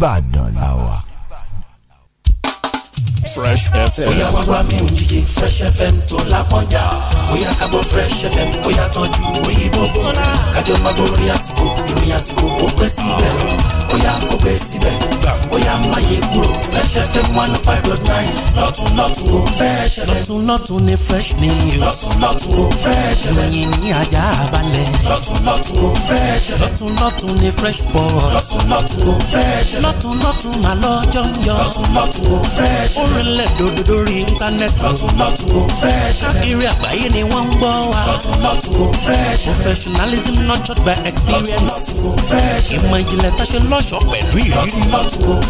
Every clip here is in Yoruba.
nìbàdàn la wà. fresh fm. ó yá mi ò jíjẹ fresh fm tó lápọ́njà ó ká gbọ́ fresh fm ó tọ́jú òyìnbó fún kájọ máa borí àsìkò ìròyìn àsìkò ó pẹ́ síbẹ̀ ó yá pẹ́ síbẹ̀ bóyá máyé kúrò Fresh FM one oh five dot nine lọ́tún lọ́tún ó Fresh FM. lọ́tún lọ́tún ni fresh ni o. lọ́tún lọ́tún ó Fresh FM. lẹ́yìn ní ajá balẹ̀. lọ́tún lọ́tún ó Fresh FM. lọ́tún lọ́tún ni fresh sport. lọ́tún lọ́tún ó Fresh FM. lọ́tún lọ́tún mà lọ́jọ́ ń yọ. lọ́tún lọ́tún ó Fresh FM. orinlẹ̀ dòdò lórí íńtánẹ́ẹ̀tì. lọ́tún lọ́tún ó Fresh FM. káàkiri àgbáyé ni wọ́n ń gbọ́ wa. lọ́tún lọ́tún ó Fresh FM. professionalism nurtured by experience. lọ́tún lọ́tún ó Fresh FM. ìmọ̀ ìjìnlẹ̀ tá a ṣe lọ́ṣọ̀ọ́ pẹ̀lú ìrírí. lọ́tún lọ́tún ó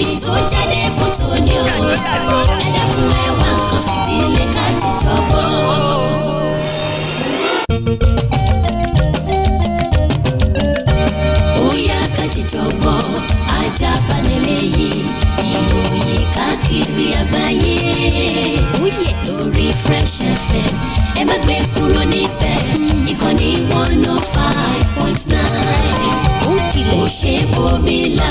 ìròyìn tó jáde fún tòní o ẹ dẹ́kun ẹ wá nǹkan fìdílé ká jíjọ gbọ́. ó ká jíjọ gbọ́ ajá balẹ̀ lẹ́yìn ìròyìn káàkiri àgbáyé lórí Fresh FM ẹ má gbé kúrò níbẹ̀ ìkànnì one oh five point nine ó kìlẹ̀ ó ṣe bòmílà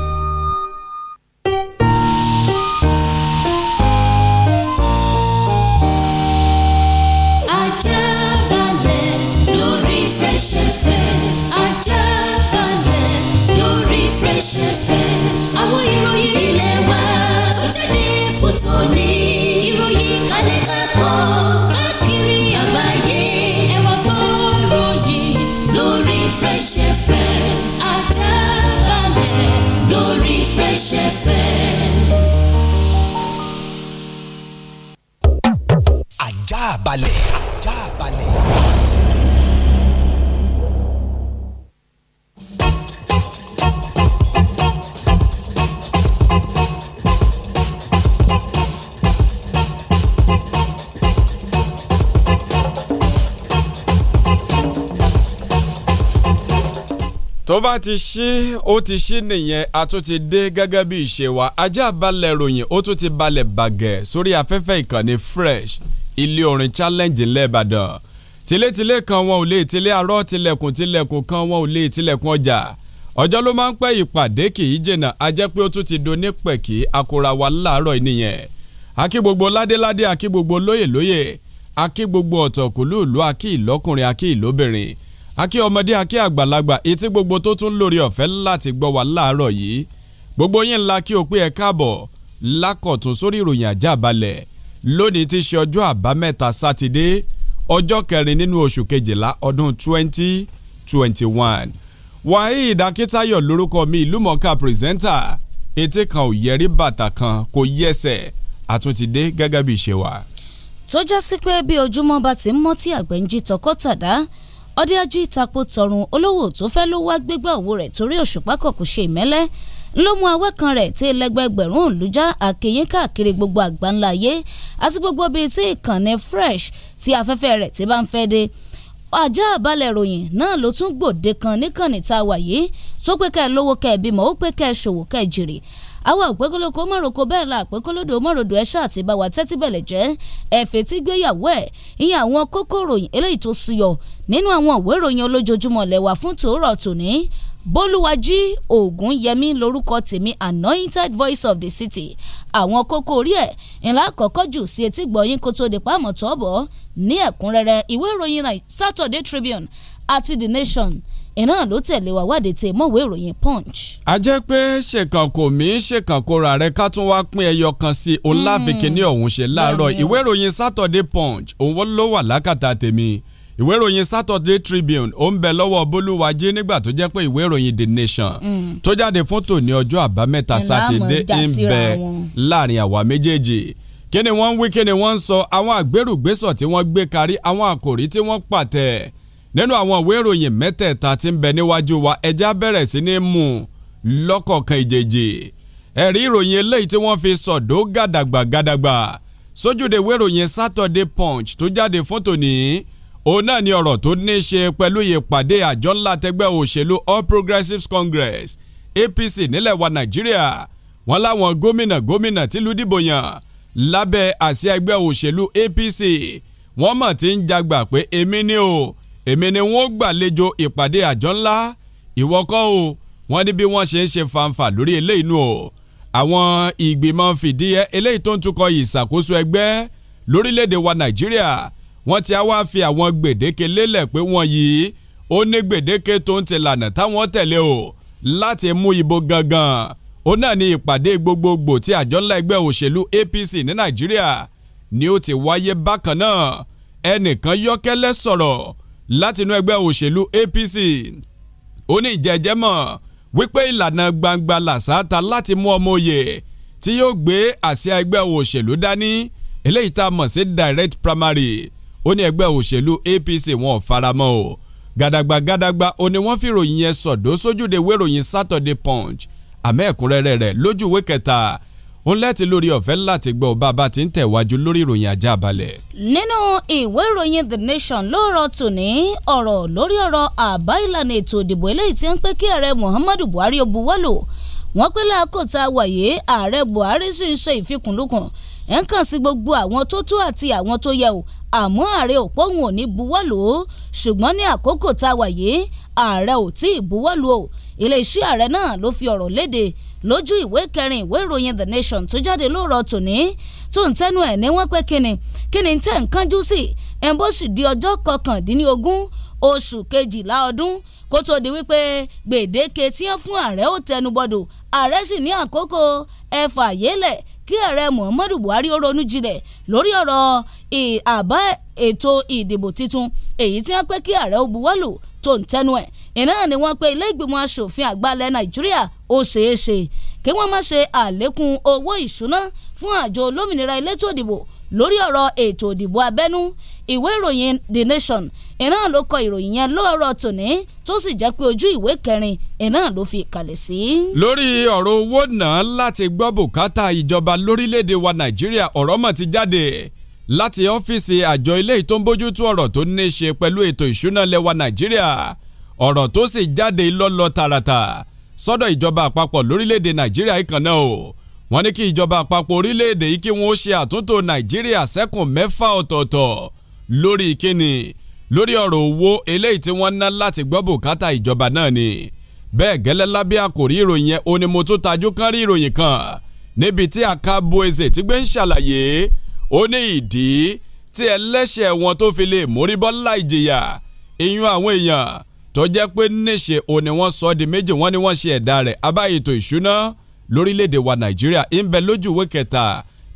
bá ti ṣí ó ti ṣí nìyẹn a tún ti dé gẹ́gẹ́ bí ìṣe wa ajá balẹ̀ ròyìn ó tún ti balẹ̀ bàgẹ́ sórí afẹ́fẹ́ ìkànnì fresh ilé orin challenge lẹ́ẹ̀bàdàn tilétilé kan wọn ò lè tilé arọ́ tilẹ̀kùn tilẹ̀kùn kan wọn ò lè tilẹ̀kùn ọjà ọjọ́ ló máa ń pẹ́ ìpàdé kì í jìnnà a jẹ́ pé ó tún ti do nípẹ̀kì akora wa láàárọ̀ nìyẹn akí gbogbo ládéládé akí gbogbo lóyèlóyè akí gbogbo ọ̀tọ̀kùlú ìlú akí ìlọ́kùnrin akí ìlóbìnrin akí ọmọdé akí àgbàlagbà etí gbogbo tó tún lórí ọ̀fẹ́ láti gbọ́ wa láàárọ̀ yìí gbogbo yín ńlá kí o pé ẹ káàbọ̀ lákọ̀tún sórí ìròyìn ajá balẹ̀ lónìí ti ṣe ọjọ́ àbámẹ́ta sátidé ọjọ́ kẹrin nínú oṣù kejìlá ọdún 2021 waheed akitayo lórúkọ mi ìlúmọ̀ọ́ká pírẹsẹ́ńtà etí kan ò yẹrí bàtà kan kò yẹsẹ̀ àtúntìdé gẹ́gẹ́ bí ìṣe wa. tó já sí pé bí ojúmọ́ bá ti ń mọ́ àgbẹ̀ ń jí tọkọ́tàdá ọdíájí tako tọ̀run olówó tó fẹ́ ló wá gbégbá òwò rẹ̀ torí òṣùpá kọ̀kù ṣe ìmẹ́lẹ́ ló mú awẹ́ kan rẹ̀ tí ẹlẹgbẹgbẹ̀rún òlùjá àkèyìn káàkiri gbogbo àgbáńlá ayé àti gbogbo bíi tí ìkànnì fresh tí afẹ́fẹ́ rẹ̀ ti bá ń fẹ́ de àjọ àbálẹ̀ ìròyìn náà ló tún gbòde kan níkànnì tá a wà yìí tó pé kẹ́ ẹ lówó kẹ́ ẹ bímọ ó pé kẹ́ ẹ ṣòwò kẹ́ ẹ jèrè àwọn òpékólókó mọ̀rọ̀kọ bẹ́ẹ̀ la àpékólódò mọ̀rọ̀dò ẹ̀ṣọ́ àti ìbáwá tẹ́tí bẹ̀lẹ̀ jẹ́ ẹ̀fẹ̀ tí gbéyàwó ẹ̀ ìyẹn àwọn kókó ròyìn eléyìí tó suyọ nínú àwọn òwe ìròyìn olójoojúmọ́ lẹ́wà fún tòórọ̀ tòní bólúwájí ògúnyẹmí lórúkọ tèmi anointed voice of the city àwọn kókó orí ẹ̀ ńlá àkọ́kọ́ jù sí etí gbọ̀yìn kó tó di pàmò tọ́bọ̀ ní ẹ̀kúnrẹ́rẹ́ ìwé ìròyìn Saturday Tribune àti The Nation iná ló tẹ̀lé wa wádìí tè mọ́wé ìròyìn punch. a jẹ́ pé ṣèkàn kò mí ṣèkàn kó ra rẹ̀ ká tún wá pín ẹyọ kan sí i oláfikè mm. ní ọ̀hún ṣe láàárọ̀ ìwé ìròyìn saturday punch òun ló wà lákàtà tèmi ìwé ìròyìn saturday tribune ó ń bẹ lọ́wọ́ bólúwájí nígbà tó jẹ́ pé ìwé ìròyìn the nation mm. tó jáde fún tòní ọjọ́ àbámẹ́ta sátidé ń bẹ láàrin àwa méjèèjì kí ni wọ́n ń wí kí ni wọ́n ń sọ àwọn àgbérùgbésọ̀ tí wọ́n gbé karí àwọn àkòrí tí wọ́n pàtẹ́ nínú àwọn ìwé ìròyìn mẹ́tẹ̀ẹ̀ta tí ń bẹ níwájú wa ẹja bẹ̀rẹ̀ sí ní mú lọ́kọ̀ọ̀kan ìjèjì ẹ̀rí ìròyìn eléyìí tí wọ́n fi sọ̀dọ̀ gàdàgbà gàdàgbà sójúde ìwé ìròyìn Saturday Punch tó jáde fún tòní òun náà ni ọ̀rọ̀ tó ní í ṣe pẹ̀lú ìpàdé àjọ ńlá tẹgbẹ́ òṣèlú All Progressives Congress APC nílẹ̀ wa Nàìjíríà wọ́n láwọn gómìnà gómìnà tìlú dìbò yàn lábẹ́ àsíá ẹgbẹ́ òṣèlú APC wọ́n mọ̀ tí ń jagbà pé èmi ni o èmi ni wọ́n gbàlejò ìpàdé àjọ ńlá ìwọ kọ́ o wọ́n ní bí wọ́n ṣe ń ṣe fanfà lórí eléyìí nù o àwọn ìgbìmọ̀ fìdí e, eléyìí tó ń tukọ̀ ìṣàkóso ẹgbẹ́ lórílẹ̀‐èdè wa nàìjíríà wọ́n ti wá fi àwọn gbèdéke lélẹ̀ pé wọ́n yìí ó ní gbèdéke tó ń ti táwọn tẹ̀lé o láti mú ìbò gangan ó náà ní ìpàdé gbogbogbò tí àjọ ńlá ẹgbẹ́ òṣèlú APC ní nàìjíríà ni ó ti wáyé bákan náà ẹnìkan yọ́kẹ́lẹ́ sọ̀rọ̀ látinú ẹgbẹ́ òṣèlú APC ó ní ìjẹ́jẹ́ mọ̀ wípé ìlànà gbangba làṣáta láti mú ọmọ òye tí yóò gbé àsíá ẹgbẹ́ òṣèlú dání eléyìí tá a mọ̀ sí direct primary ó ní ẹgbẹ́ òṣèlú APC wọn ò faramọ́ o gàdàgbà gàdàgbà ó ní wọ́n fìròyìn yẹn sọ̀dọ́ sójúde wéròyìn Saturday Punch àmọ́ ẹ̀kúnrẹ́rẹ́ rẹ̀ lójú ìwé kẹta ó lẹ́tí lórí ọ̀fẹ́ láti gbọ́ bàbá tí ń tẹ̀wájú lórí ìròyìn ajá balẹ̀. nínú ìwé ìròyìn the nation ló rọ tòní ọ̀rọ̀ lórí ọ̀rọ̀ àbá ìlànà ètò ìdìbò eléyìí tí ń pé kí ààrẹ muhammadu buhari ó buwọ́lù wọ́n pé láàkóta wàyé ààrẹ buhari sì ń ṣe ìfikùnlukùn ẹ̀ ń kàn sí gbogbo àwọn tó tó àti àwọn tó yẹ o àmọ́ ààrẹ òpóhùn ò ní buwọ́lù o ṣùgbọ́n ní àkókò tá a wà yìí ààrẹ ò tí ì buwọ́lù o iléeṣẹ́ ààrẹ náà ló fi ọ̀rọ̀ léde lójú ìwé kẹrin ìwé ìròyìn the nation tó jáde lóòrọ̀ tòní tó ń tẹnu ẹ̀ ní wọ́n pẹ́ kínni kínni tẹ̀ ń kánjú sí ẹ̀ ń bó sì di ọjọ́ kọkàndínlógún oṣù kejìlá ọdún kó tó di wípé gbèdéke tí wọ́n fún ààrẹ ó tẹnubọdò ààrẹ sì ní àkókò ẹ̀fà yélẹ̀ kí ààrẹ muhammadu buhari ó ronú jinlẹ̀ lórí ọ̀rọ̀ àbá ètò ìdìbò tuntun èyí tí wọ́n pẹ́ kí ààrẹ ó buwọ́lù tó ń tẹnu ẹ̀ ìnáà ni wọ́n pe ilé ìgbìmọ̀ asòfin àgbà nàìjíríà ó ṣeé ṣe kí wọ́n má ṣe àlékún owó ìṣúná fún àjọ olómìnira elétò òdìbò lórí ọ̀rọ̀ ètò òdìbò abẹ́nú ìwé ìròyìn The Nation iná ló kọ ìròyìn yẹn lọ́rọ̀ tòní tó sì jẹ́ pé ojú ìwé kẹrin iná ló fi kalẹ̀ sí. lórí ọ̀rọ̀ owó náà láti gbọ́ bùkátà ìjọba lórílẹ̀‐èdè wa Nàìjíríà ọ̀rọ̀ mọ̀ ti jáde láti ọ́fíìsì àjọ ilé tó ń bójú ọ̀rọ̀ tó ní í ṣe pẹ̀lú ètò ìṣúná lẹ́wà Nàìjíríà ọ̀rọ̀ tó sì jáde lọ́lọ́ tààràtà sọ́dọ̀ ìjọba àpapọ̀ lórílẹ̀‐èdè nàìjíríà yìí kan náà o wọ́n ní kí ìjọba àpapọ̀ orílẹ̀‐èdè yìí kí wọ́n ṣe àtúntò nàìjíríà sẹ́kùn mẹ́fà ọ̀tọ̀ọ̀tọ̀ lórí ìkíni lórí ọ̀rọ̀ owó eléyìí tí wọ́n ná láti gbọ́ bùkátà ìjọba náà ni bẹ́ẹ̀ gẹ́lẹ́ lábẹ́ àkòrí ìròyìn yẹn ó ní mo tún tajú kán rí ìròyìn kan níbi tí Akabo Eze ti gbé ń ṣàlàyé ó ní ìdí tí ẹlẹ́ṣẹ̀ wọn tó fi lè mórí bọ́ láì jìyà ìyún àwọn èèyàn tó jẹ́ pé níṣe òní wọ́n sọ di méjì wọ́n ní wọ́n ṣe ẹ̀dá rẹ̀ abá ètò ìṣúná lórílẹ̀‐èdè wa nàìjíríà ń bẹ lójú ìwé kẹta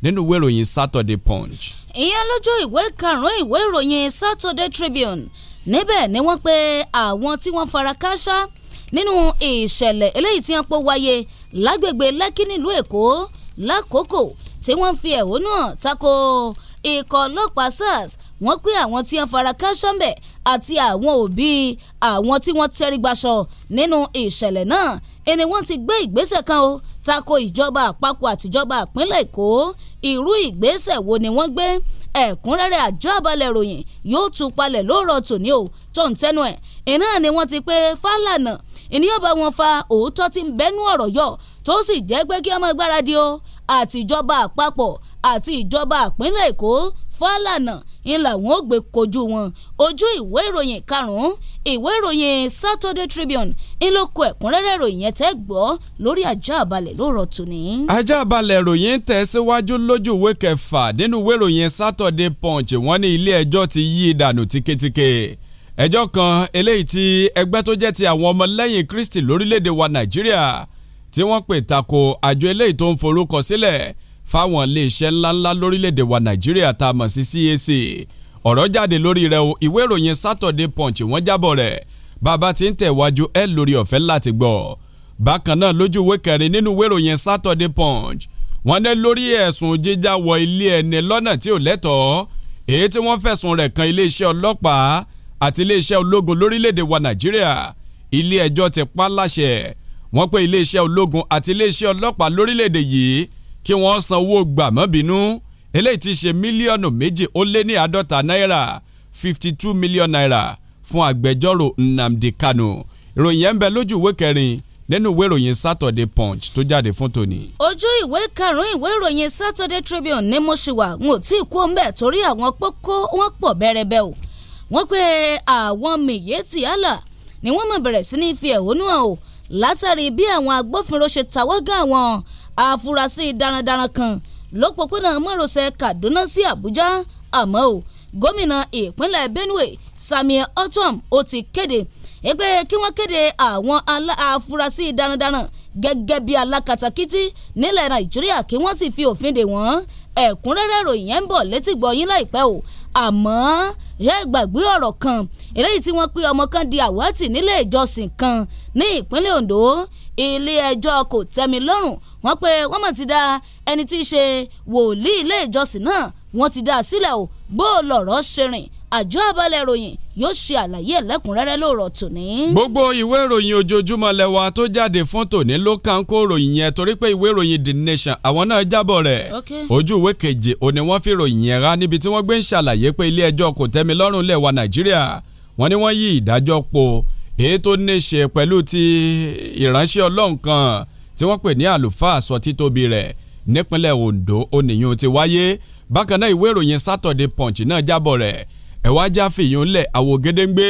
nínú ìwé ìròyìn Saturday Punch. ìyẹn lójú ìwé karùn-ún ìwé ìròyìn Saturday Tribune níbẹ̀ ni wọ́n pe àwọn tí wọ́n fara kááṣá nínú ìṣẹ̀lẹ̀ eléyìí tí wọ́n pọ̀ wáyé lágbègbè lẹ́kí nílùú èkó lákòókò tí wọ́n fi ẹ̀hónú hàn tako ikọ̀ ọlọ́pàá sars wọ́n pé àwọn tí wọ́n fara káṣọ́mbẹ̀ àti àwọn òbí àwọn tí wọ́n tẹ́rí gbaṣọ nínú ìṣẹ̀lẹ̀ náà ẹni wọ́n ti gbé ìgbésẹ̀ kan o tako ìjọba àpapọ̀ àtijọba ìpínlẹ̀ èkó irú ìgbésẹ̀ wo ni wọ́n gbé ẹ̀kúnrẹ́rẹ́ àjọ àbálẹ̀ ròyìn yóò tún palẹ̀ lóòrọ̀ tòní o tó ń tẹnu ẹ̀ iná ni wọ́n ti pé fálànà ìníyàn bá wọn fa òótọ́ tí ń bẹ́nu ọ̀rọ̀ yọ tó sì jẹ́ pé kí ọmọ gbáradì o àti ìjọba àpapọ̀ àti ìjọba ìpínlẹ̀ Èkó Fálànà ńlá wọn ò gbé kojú wọn ojú ìwé ìròyìn karùn-ún ìwé ìròyìn Saturday Tribune ń ló kọ ẹ̀kúnrẹ́rẹ́ ìròyìn yẹn tẹ́ gbọ́ lórí ajá àbálẹ̀ lóòrọ̀ tòní. ajá àbálẹ̀ ìròyìn tẹ̀síwájú lójú ìwé kẹfà nínú ìwé ìròyìn Saturday Punch wọ́n ní ilé ẹjọ́ ti yí ìdànù tíketíke ẹjọ́ kan eléyìí tí ẹgbẹ́ tó jẹ́ ti àwọn ọmọlẹ́yìn Kristi lórílẹ̀‐èdè wa Nàìjíríà tí wọ́n pè tako àjọ eléyìí tó ń forúkọ sílẹ̀ fáwọn iléeṣẹ́ ńláńlá lórílẹ̀‐èdè wa Nàìjíríà tá a mọ̀ sí CAC ọ̀rọ̀ jáde lórí rẹ̀ o ìwé ìròyìn Saturday Punch wọ́n jábọ̀ rẹ̀ bàbá tí ń tẹ̀wájú ẹ lórí ọ̀fẹ́ láti gbọ́ bákan náà lójú ìwé kẹrin nínú ìwé ìròyìn Saturday Punch wọ́n ní lórí ẹ̀sùn jíjà wọ ilé ẹni lọ́nà tí ò lẹ́tọ̀ọ́ èyí tí wọ́n fẹ̀sùn rẹ̀ kan iléeṣẹ́ ọlọ́pàá àti iléeṣẹ́ ológun lórílẹ̀‐èdè wa Nàìjíríà ilé ẹjọ́ ti pa láṣẹ wọ́n pé iléeṣẹ́ ológun àti iléeṣẹ́ ọlọ́pàá lórílẹ̀‐èdè yìí kí wọ́n san owó gbàmọ́bínú eléyìí ti ṣe mílíọ̀nù méjì ó lé ní àádọ́ta náírà fifty two million naira fún agbẹjọ́rò Nnamdi Kanu ìròyìn yẹn ń bẹ lójú ìwé kẹrin nínú ìwé ìròyìn Saturday Punch tó jáde fún tòní. ojú ìwé karùn-ún ìwé ìròyìn Saturday Tribune ni mo ṣì wà n ò tí ì kú ọmọ ẹ torí àwọn pókó wọn pọ̀ bẹ́rẹ̀bẹ́ o wọ́n pé àwọn Miyetti Allah ni wọ́n mọ̀ bẹ̀rẹ̀ sí ní fi ẹ̀hónú hàn o látàrí bí àwọn agbófinró ṣe tàwọ́gán àwọn afurasí darandaran kan lópòpónà márosẹ̀ Kaduna sí Àbújá àmọ́ ò gómìnà ìpínlẹ̀ Benue Samuel Otom ó ti kéde pé kí wọ́n kéde àwọn afurasí darandaran gẹ́gẹ́ bí alákatakítí nílẹ̀ Nàìjíríà kí wọ́n sì fi òfin dè wọ́n ẹ̀kúnrẹ́rẹ́ ròyìn ẹ̀ ń bọ̀ létí gbọ́ yín láìpẹ́ o àmọ́ ẹ gbàgbé ọ̀rọ̀ kan eléyìí tí wọ́n pé ọmọ kan di àwátì nílé ìjọsìn kan ní ìpínlẹ̀ Ondo ilé ẹjọ́ kò tẹ́mi lọ́rùn wọ́n pé wọ́n mọ̀ ti da ẹni tí í ṣe wòlíì ilé ìjọsìn náà wọ́n ti dá a sílẹ̀ o bó lọ̀rọ̀ ṣe rìn àjọ abalẹ̀ ìròyìn yóò ṣe àlàyé ẹ̀lẹ́kùnrẹ́rẹ́ lóòrọ̀ tòní. gbogbo ìwé ìròyìn ojoojúmọ́ lẹ́wà tó jáde fún tòní ló kàn kó ròyìn yẹn torí pé ìwé ìròyìn the nation àwọn náà jábọ̀ rẹ̀ ojú ìwé keje òní wọ́n fi ròyìn yẹn rá níbi tí wọ́n gbé ń ṣàlàyé pé ilé ẹjọ́ kò tẹ́mi lọ́rùn lẹ́wà nàìjíríà wọ́n ní wọ́n yí ìdájọ́ po èyí tó ní ṣe pẹ̀lú ti ìránṣẹ́ ọlọ́run kan tí wọ́n pè ní àlùfáà sọ títóbi rẹ̀ nípínlẹ̀ Ondo oníyun ti wáyé bákan náà ìwé ìròyìn Saturday Punch náà jábọ̀ rẹ̀ ẹ̀wá já fìyún lẹ̀ àwògedengbe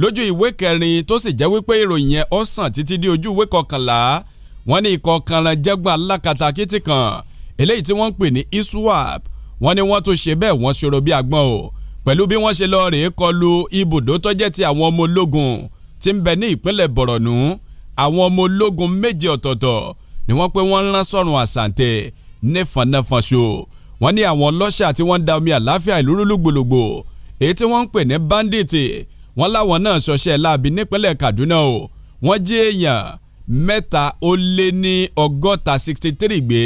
lójú ìwé kẹrin tó sì jẹ́ wípé ìròyìn yẹn ó sàn títí di ojú ìwé kọkànlá wọ́n ní ikọ̀ kanran jẹ́gbọ́n alákatakítí kan eléyìí tí wọ́n ń pè ní iswap wọ́n ní wọ́n tó ṣe bẹ́ẹ̀ wọ́n ṣòro bí agbọ́n o pẹ̀lú bí wọ́n ṣe lọ rèé kọlu ibùdó tó jẹ́ ti àwọn ọmọ ológun tí ń bẹ ní ìpínlẹ̀ bọ̀rọ̀nù àwọn ọmọ ológun méje ọ̀tọ̀ọ̀tọ̀ ni wọ́n pé wọ́n ń rán sọ́run àsàǹtẹ̀ nífọ̀nàfọ̀nṣo wọ́n ní àwọn ọlọ́ṣà tí wọ́n ń da omi àláfíà ìlú rúlú gbòlògbò èyí tí wọ́n ń pè ní bandits wọ́n láwọn náà ṣọṣẹ́ láabi nípínlẹ̀ Kaduna o wọ́n jí èèyàn mẹ́ta ó lé ní ọgọ́ta sixty three gbé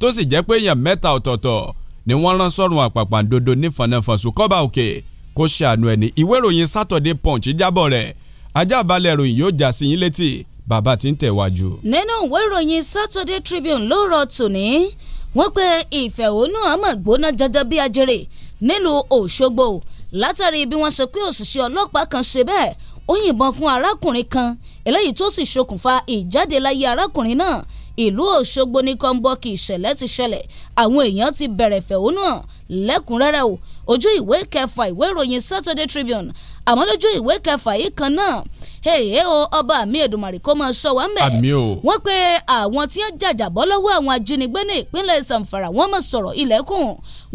tó sì jẹ́ pé èèyàn mẹ́ta ọ̀tọ̀ọ̀tọ̀ ni wọ́n rán sọ́run àpàpàǹdodo nífọ̀nàfọ̀sùn kọ́ba òkè kó ṣàánú ẹni ìwé ìròyìn Saturday Punch jábọ̀ rẹ̀ ajá balẹ̀ ìròyìn yóò já sí yín létí bàbá tí ń tẹ̀wájú. nínú ìwé ìròyìn Saturday Tribune ló rọ tòní wọ́n pe ìfẹ̀hónú àmọ́ gbóná jọjọ bí ajere nílùú Òṣogbo látàrí bí wọ́n ṣe pé òṣìṣẹ́ ọlọ́pàá kan ṣe bẹ́ẹ̀ ó yìnbọn fún arákùnrin kan eléyìí tó sì ṣokùnfà ìjáde láyé arákùnrin náà ìlú Òṣogbo ní kọ́ńbọ́ọ̀kì ìṣẹ̀lẹ̀ ti ṣẹlẹ̀ àwọn èèyàn ti bẹ̀rẹ̀ fẹ̀hónú hàn lẹ́kùnrẹ́rẹ́ o ojú ìwé kẹfà ìwé ìròyìn Saturday Tribune àmọ́ lójú ìwé kẹfà yìí kan náà èyí o ọba mi Èdùmàrè kó máa ṣọ́ wa ń bẹ̀ wọ́n pe àwọn tí wọ́n jàjàbọ́ lọ́wọ́ àwọn ajínigbé ní ìpínlẹ̀ Zamfara wọ́n máa sọ̀rọ̀ ilẹ̀kùn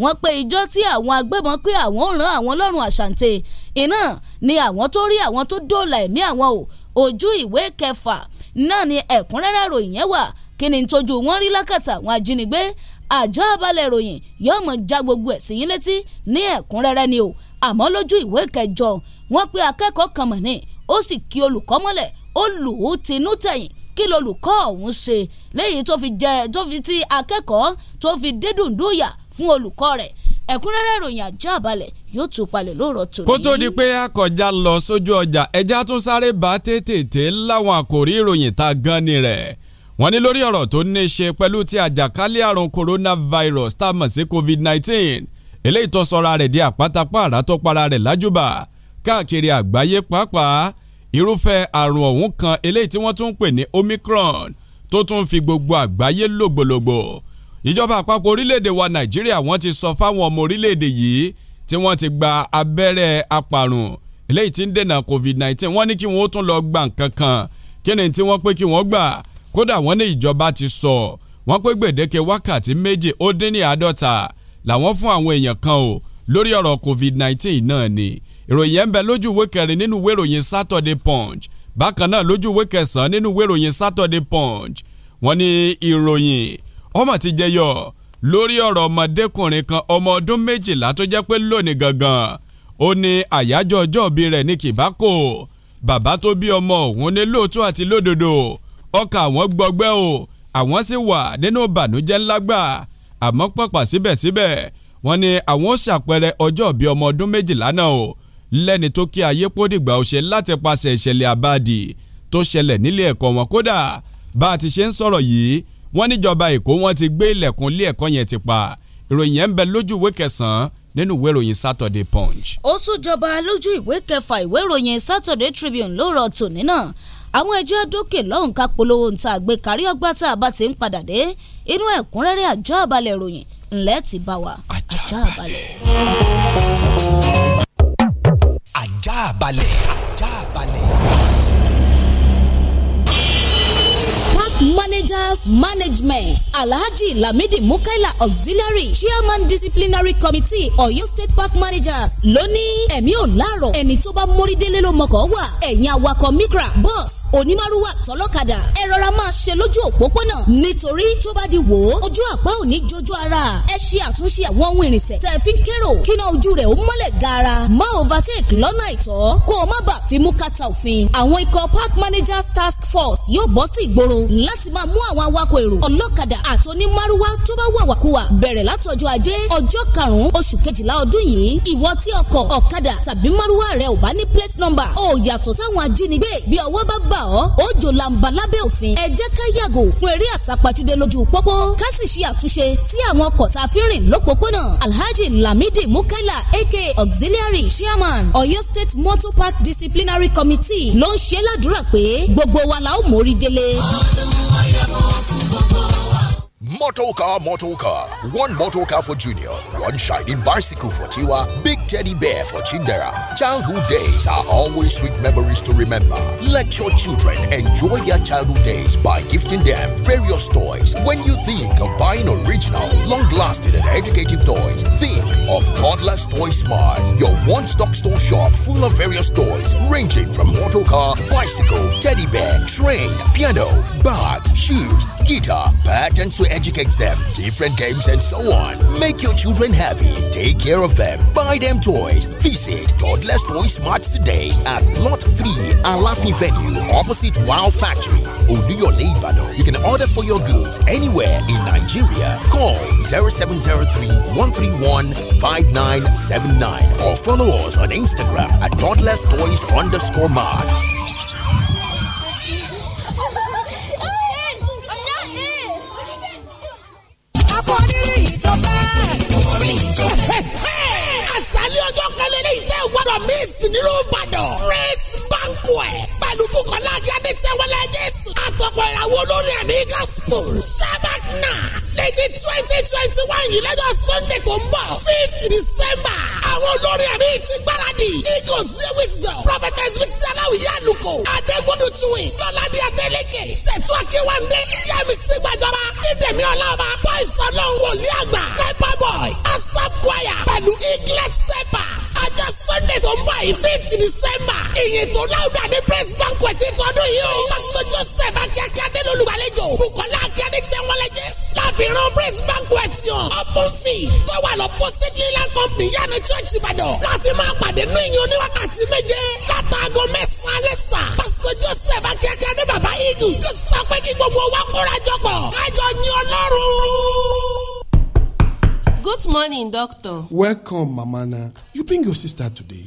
wọ́n pe ìjọ tí àwọn agbébọn pé àwọn ò ràn àwọn lọ́rùn àṣàǹtẹ̀ iná ni àwọn tó rí àwọn tó dóòlà ẹ̀mí àwọn o ojú ìwé kẹfà náà ni ẹ̀kúnrẹ́rẹ́ ròyìn yẹn wà kí ni tójú wọn rí lákàtà àwọn ajínigbé àjọ abalẹ̀ ìròyìn yóò mọ̀ já gbogbo ẹ̀ sí yín létí ní ẹ̀kúnrẹ́rẹ́ ni o àmọ́ lójú ìwé kẹjọ wọ́n pe akẹ́kọ̀ọ́ kan mọ̀ ní ó sì kí olùkọ́ mọ́lẹ̀ ó lù ú tinú tẹ̀yìn kí lolùkọ́ ọ̀hún ṣe léyìí tó fi jẹ tó fi ti akẹ́kọ̀ọ́ tó fi dídùndúyà fún olùkọ́ rẹ̀ ẹ̀kúnrẹ́rẹ́ ìròyìn àjọ àbálẹ̀ yóò tún palẹ̀ lóòrọ̀ tòní. kó tó di pé akọjá lọ sójú ọjà ẹja tún sáré bá tètè láwọn àkòrí ìròyìn ta gan ni rẹ̀ wọ́n ní lórí ọ̀rọ̀ tó ní í ṣe pẹ̀lú ti àjàkálẹ̀ àrùn coronavirus tá a mọ̀ sí covid-19 eléyìí tó sọra rẹ̀ di àpátápá àràtọ́para rẹ̀ lájúbà káàkiri àgbáyé pàápàá irúfẹ́ àrùn ọ̀hún kan eléyìí tí wọ́n tún ń pè ní omicron tó tún ń fi gbogbo àgbáyé lògbòlògbò ìjọba àpapọ̀ orílẹ̀-èdè wa nàìjíríà wọ́n ti sọ fáwọn ọmọ orílẹ̀-èdè yìí tí wọ́n ti gba abẹ́rẹ́ apàrùn eléyìí tí ń dènà covid-19 wọ́n ní kí wọ́n ó tún lọ gba nǹkan kan kí ni tí wọ́n pé kí wọ́n gbà kódà wọ́n ní ìjọba ti sọ wọ́n pé gbèdéke wákàtí méje ó dín ní àádọ́ta làwọn fún àwọn èèyàn kan o lórí ọ̀rọ̀ covid-19 náà ni ìròyìn ẹ̀ ń bẹ lójú ìwé kẹrin nínú ìwé ìròyìn Saturday Punch bákan náà lójú ìwé kẹsàn-án nínú ìwé ìròyìn Saturday Punch wọ́n ní ìròyìn ọmọ ti jẹyọ lórí ọ̀rọ̀ ọmọdékùnrin kan ọmọ ọdún méjìlá tó jẹ́ pé lónìí gangan ó ní àyájọ́ ọjọ́ òbí rẹ̀ ní kìbákò bàbá tó bí ọmọ òun ní lóòótọ́ àti lódodo ọkàn àwọn gbọgbẹ́ o àwọn sì wà nínú ìbànújẹ́ ńlá àmọ́ pàpà síbẹ̀síbẹ̀ wọ́n ní àwọn ó ọjọ́ bíi ọmọ ọdún méjìlá náà o lẹ́ni tó kí ayé pódìgbà òṣè láti paṣẹ ìṣẹ̀lẹ̀ àbáàdì tó ṣẹlẹ̀ nílé ẹ̀kọ́ wọn kódà bá a ti ṣe ń sọ̀rọ̀ yìí wọ́n níjọba èkó wọ́n ti gbé ilẹ̀kùn ilé ẹ̀kọ́ yẹn ti pa ìròyìn yẹn ń bẹ lójú ìwé kẹsàn-án nínú ìwé ìròyìn Saturday Punch. ó tún jọba lójú ìwé kẹfà ìwé ìròyìn Saturday Tribune lóòrọ̀ tòní náà àwọn ẹjọ́ dókè lọ́hùn ká polówó ń ta àgbẹ̀ kárí ọgbà tá a bá ti ń padà dé inú ẹ̀kúnrẹ́rẹ́ àjọ àbálẹ̀ ìròyìn ńlẹ́ ti bá wa àjọ àbálẹ̀. àjọ àbálẹ̀ àjọ àbálẹ̀. managers management alhaji lamidi mukaila auxiliary chairman disciplinary committee ọ̀yọ́ state park managers lónìí ẹ̀mí ò láàrọ̀ ẹni tó bá mórí délé ló mọ̀kọ́ wà ẹ̀yin awakọ̀ micra bus onímàrúwà tọlọ́kadà ẹ rọra máa ṣe lójú òpópónà nítorí tó bá di wò ó ojú àpá ò ní jojú ara ẹ ṣe àtúnṣe àwọn ohun ìrìnsẹ̀ tẹ̀ fi ń kérò kíná ojú rẹ̀ ó mọ́lẹ̀ gaara má overtake lọ́nà ìtọ́ kó o má bàa fi mú kàtà òfin àwọn ikọ̀ park managers task force yóò bọ́ sí ìgboro lá láti máa mú àwọn awakọ̀ èrò ọlọ́kadà àti onímárúwá tó bá wà wàkúwà bẹ̀rẹ̀ látọjọ́ ajé ọjọ́ karùn-ún oṣù kejìlá ọdún yìí ìwọ tí ọkọ̀ ọ̀kadà tàbí márúwá rẹ ò bá ní plate number ó yàtọ̀ sáwọn ajínigbé bí ọwọ́ bá gbà ọ́ ó jò làǹbà lábẹ́ òfin ẹ jẹ́ ká yàgò fún eré àsápajúdé lójú pópó ká sì ṣe àtúnṣe sí àwọn ọkọ̀ tá a fi rìn lópòpónà Alhaji Lamidi Mukaila aka auxiliary chairman Ọ̀yọ́ State Motor Park Disciplinary Committee ló ń ṣe ládùúrà pé gbogbo wa la ó mórí délé. ọdún ayé mo fún gbogbo. Motor car, motor car. One motor car for Junior, one shining bicycle for Tiwa, big teddy bear for Chindera. Childhood days are always sweet memories to remember. Let your children enjoy their childhood days by gifting them various toys. When you think of buying original, long lasting, and educative toys, think of Toddler's Toy Smart, your one stop store shop full of various toys ranging from motor car, bicycle, teddy bear, train, piano, bags, shoes, guitar, patterns to educate them, different games, and so on. Make your children happy. Take care of them. Buy them toys. Visit Toddler's Toys Smart today at Plot 3 Alafi Venue, opposite Wow Factory, Oduyole, Ibadan. You can order for your goods anywhere in Nigeria. Call 0703 131 5979 or follow us on Instagram at Toddler's Toys underscore Marks. àṣálẹ́ ọjọ́ kẹlẹ́rẹ́ ìtẹ́ ìwádọ̀ miss nílùú ìbàdàn praise banquet pẹ̀lú kúkọ́lá àti adéṣẹ́wọlé jésù àtọ̀pọ̀ ìràwọ̀ olórin àmì gospel shabak náà létí twenty twenty one yìí lọ́jọ́ sunday tó ń bọ̀ fifth december àwọn olórí ẹ̀mí ti gbáradì. eagles zero wisdom prophetess bísí aláwìyé àlùkò adégbodò tuwe sọládì adélèké ṣètò akéwàndé yẹmi sígbàjọba dídèmí ọlọ́ba boys ọlọ́run wòlíì àgbà pepper boys asaf choir pẹ̀lú eaglet steppers ajá sunday tó ń bọ̀ yìí fifth december ìyìn tó láwùdà ní praise banquet tọdún yìí o pásítọ̀ joseph akíákíá dé bukola akíá ní sẹ́wọ́lẹ́jẹ́ láfihàn praise banquet yàn open fee tó wà lọ post-it Church Ìbàdàn láti máa pàdé ní ìyẹn oníwákàtí méje látàgọ́ mẹ́sàn-án lẹ́sà. Pásítọ̀ Joseph Akẹ́kẹ́ ní Bàbá Eagles yóò sọ pé kí gbogbo wa kóra jọ kájọ yin Ọlọ́run. Good morning, doctor. Welcome, Mamana. You bring your sister today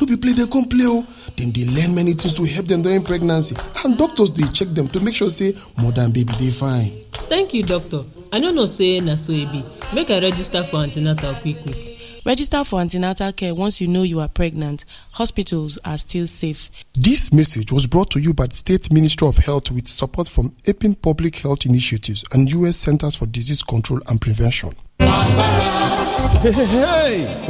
no be play dey come play o oh. dem dey learn many things to help dem during pregnancy and doctors dey check dem to make sure say mother and baby dey fine. thank you doctor i no know say na so e be make i register for an ten atal quick quick. Register for antenatal care once you know you are pregnant. Hospitals are still safe. This message was brought to you by the State Ministry of Health with support from APIN Public Health Initiatives and U.S. Centers for Disease Control and Prevention.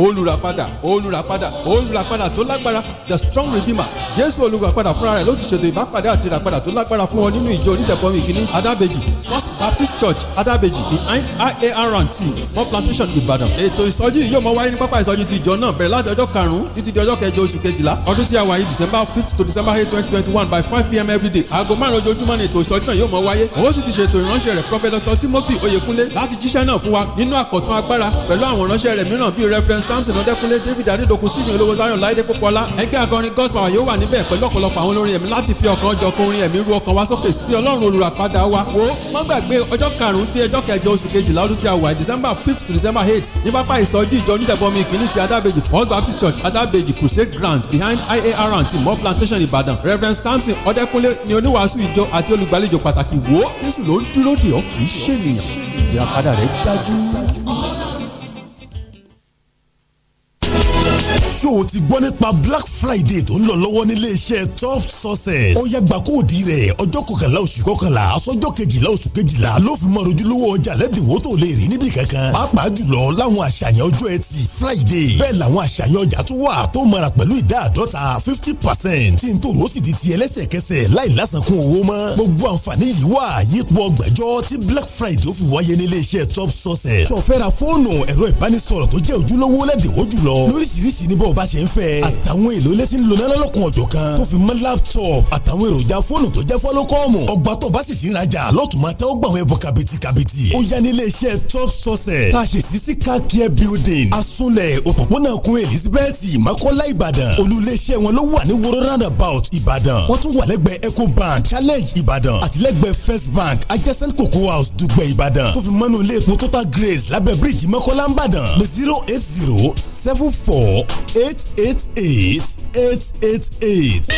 olùràpadà olùràpadà olùràpadà tó lágbára the strong redeemer jésù olùràpadà fúnra rẹ̀ ló ti ṣètò ìbápadà àti ìràpadà tó lágbára fún wọn nínú ìjọ onítẹ̀bọmi ìkíní adábẹ́jì first baptist church adábẹ́jì behind iarnt mọ́ plantation ìbàdàn ètò ìsọjí yìí yóò mọ wáyé ní pápá ìsọjí ti ìjọ náà bẹ̀rẹ̀ láti ọjọ́ karùn-ún títí di ọjọ́ kẹjọ oṣù kejìlá ọdún tí a wà yìí december fifth to december eight twenty twenty one by five pm every day aago márùn ojoojúmọ́ ni ètò ìsọjí náà yóò mọ wáyé òun sì ti ṣètò ìránṣẹ́ rẹ̀ prọfẹ̀dọ̀tọ̀ timothy oyekunle láti jíṣẹ́ náà fún wa nínú àkọ̀tún agbára pẹ̀lú àwọn ìránṣẹ́ rẹ̀ mìíràn bíi reference samson ọdẹkùnlé david adédokun stephen olówó zion láìdé pópọ́lá ẹgbẹ́ akọrin gospel àwọn yóò wà níbẹ̀ pẹ̀lú ọ̀pọ̀lọpọ̀ àwọn olórin ẹ̀mí láti fi ọkàn jọ kó orin ẹ̀mí ru ọkàn wa sókè sí ọlọ́run olùràpadà wa wo má gbàgbé ọjọ́ karùn-ún dé ọjọ́ kẹjọ oṣù kejìlá ọdún tí a wà december fifth to december eighth ní ìyàpadà rẹ̀ dájú. ṣó o ti gbọ́ nípa black friday tó ń lọ lọ́wọ́ nílé iṣẹ́ top success. ó yá gbà kóòdì rẹ̀ ọjọ́ kọkànlá oṣù kọkànlá aṣọ́jọ́ kejìlá oṣù kejìlá ló fi mọ ojúlówó ọjà lẹ́dínwó tó lè rí nídìí kankan. pàápàá jùlọ láwọn àṣàyàn ọjọ́ ẹtì friday bẹ́ẹ̀ làwọn àṣàyàn ọjà tó wà tó mara pẹ̀lú ìdá àdọ́ta fifty percent tí n tó rò sì ti ti ẹlẹ́sẹ̀kẹsẹ̀ láì lásàkún owó mọ́. gbogbo àǹfààní yìí wà yípo ọgbẹ̀jọ́ tí black friday ó fi wáyé nílé iṣẹ́ top success. sọfẹ́ra fóònù ẹ̀rọ ìbánisọ̀rọ̀ tó jẹ́ ojúlówó lẹ́dínwó jùlọ lóríṣiríṣi níbọ̀ bọ́rọ̀ bá ṣe ń fẹ́. àtàwọn èlò ilé tí ń lona lọ́lọ́kun ọ̀jọ̀ kan tó fi mọ́ laptop àtàwọn èròjà fóònù tó jẹ́ fọ́lọ́kọ́ọ̀mù ọgbà tó bá sì sí ìrajà lọ́tùmọ̀ tẹ́ ó gbà wọn ẹbọ kàbìtì kàbìtì. ó yá ní iléeṣẹ́ top success tá a ṣe sí sí car care building asunlẹ̀ òpópónà kun elizabeth makola ìbàdàn olùléeṣẹ́ wọn ló wà ní woro roundabout ìbàdàn wọ́n tún wà lẹ́gbẹ̀ẹ́ eco bank challenge ìbàdàn àtìlẹ́gbẹ̀ẹ́ first bank adjacent cocoa house dùgbẹ̀ ìbàdàn tó fi mọ́nú grace lábẹ́ bíríìjì makola ìbàdàn zero eight zero seven four eight eight eight eight eight eight.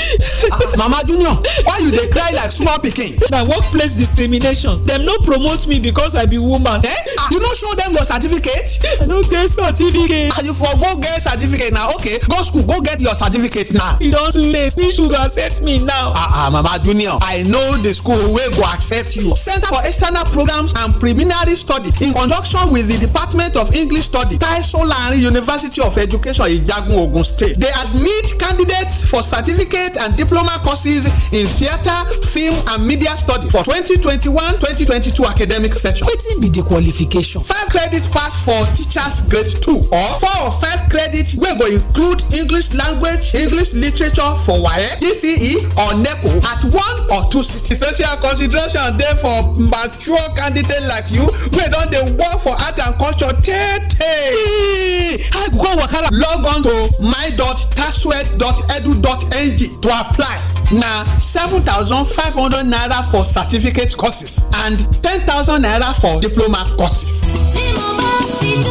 mama junior why you dey cry like small pikin. na workplace discrimination dem no promote me because i be woman. Eh? Ah, you no show dem your certificate. i no get certificate. and ah, you for go get certificate na okay go school go get your certificate now. e don too late which school go accept me now. ah ah mama junior i know the school wey go accept you. center for external programs and preliminary studies in conjunction with the department of english studies taisolari university of education ijagun. Ìbàdàn, Ogun State. They admit candidates for certificate and diploma courses in theatre, film and media study for 2021-2022 academic session. Wetin be the qualification? Five credit pass for teachers grade two or four or five credit We go include English language, English literature for WAEC, GCE or NECO at one or two cities. Special consideration dey for mature candidates like you wey don't they work for art and culture Tete. I go waka log on to go my.taswed.edu.ng to apply. na seven thousand five hundred naira for certificate courses and ten thousand naira for diploma courses. tí bá fi tó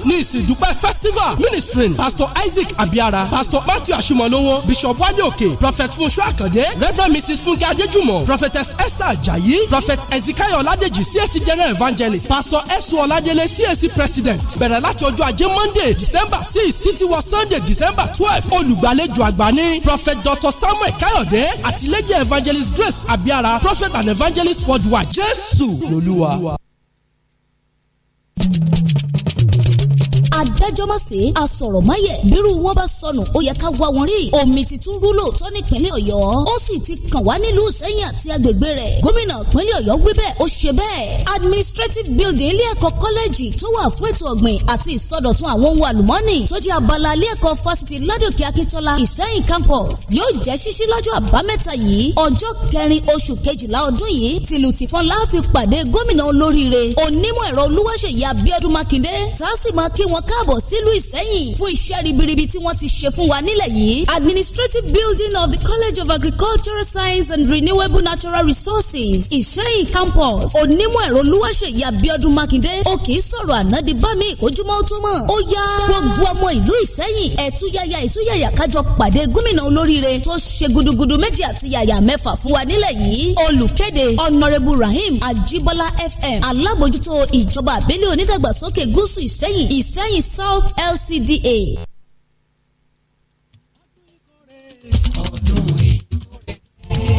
ní ìsìn festival ministry pastor isaac abiara pastor matthew ashimolowo bishop Wanyoke prophet funṣu akande reverend mrs funke adejumo prophetess esther ajayi prophet ezekiel oladeji CSC general evangelist pastor esu oladele CSC president bẹ̀rẹ̀ láti ọjọ́ ajé monday december six títí wọ sunday december twelve olùgbàlejò àgbà ní prophet dr samuel kayode àtìlẹ́jẹ̀ evangelist grace abiara prophet and evangelist worldwide jésù lolúwa. thank you kájọ́mọ̀sí asọ̀rọ̀máyẹ̀ bírú wọn bá sọnù ó yẹ ká wá wọn rí omi titun rúlò tó nípínlẹ̀ ọ̀yọ́ ó sì ti kàn wá nílùú sẹ́yìn àti agbègbè rẹ̀ gómìnà ìpínlẹ̀ ọ̀yọ́ wí bẹ́ẹ̀ ó ṣe bẹ́ẹ̀ administrative building ilé ẹ̀kọ́ kọ́lẹ́jì tó wà fún ètò ọ̀gbìn àti ìsọdọ̀tun àwọn ohun àlùmọ́ọ́nì tó jẹ́ abala ilé ẹ̀kọ́ fásitì ládòkè akíntola ìsẹ́yìn campus yóò jẹ́ ṣíṣí lọ́jọ́ àbámẹ́ta yìí ọjọ́ kẹrin oṣù kejìlá ọdún yìí tìlù tìfọn la fi pàdé gómìnà olóríire onímọ̀ ẹ̀rọ olúwaṣèyí abíọ́dún mákindé tá a sì máa kí wọn káàbọ̀ sílùú Ìṣẹ́yìn fún iṣẹ́ ribiribi tí wọ́n ti ṣe fún wa nílẹ̀ yìí administrative building of the College of Agricultural Science and Renewable Natural Resources Ìṣẹ́yìn campus onímọ̀ ẹ̀rọ Olúwaṣeyì Abíọ́dún makinde. òkè sọ̀rọ̀ àná di bá mi ìkójúmọ́ tó mọ̀ ó yá gbogbo ọmọ ìlú Ìṣẹ́yìn ẹ̀túyàyà ẹ̀túyàyà kájọ pàdé gómìnà olóríire tó ṣe gudugudu méjì àti yàyà mẹ́fà fún wa nílẹ̀ yìí olùkéde honourable Rahim Ajibola FM alábòjútó ìjọba àbẹ́lẹ̀ onídàgbàsókè gúúsù Ìṣẹ́yìn Ìṣẹ́yìn s South LCDA.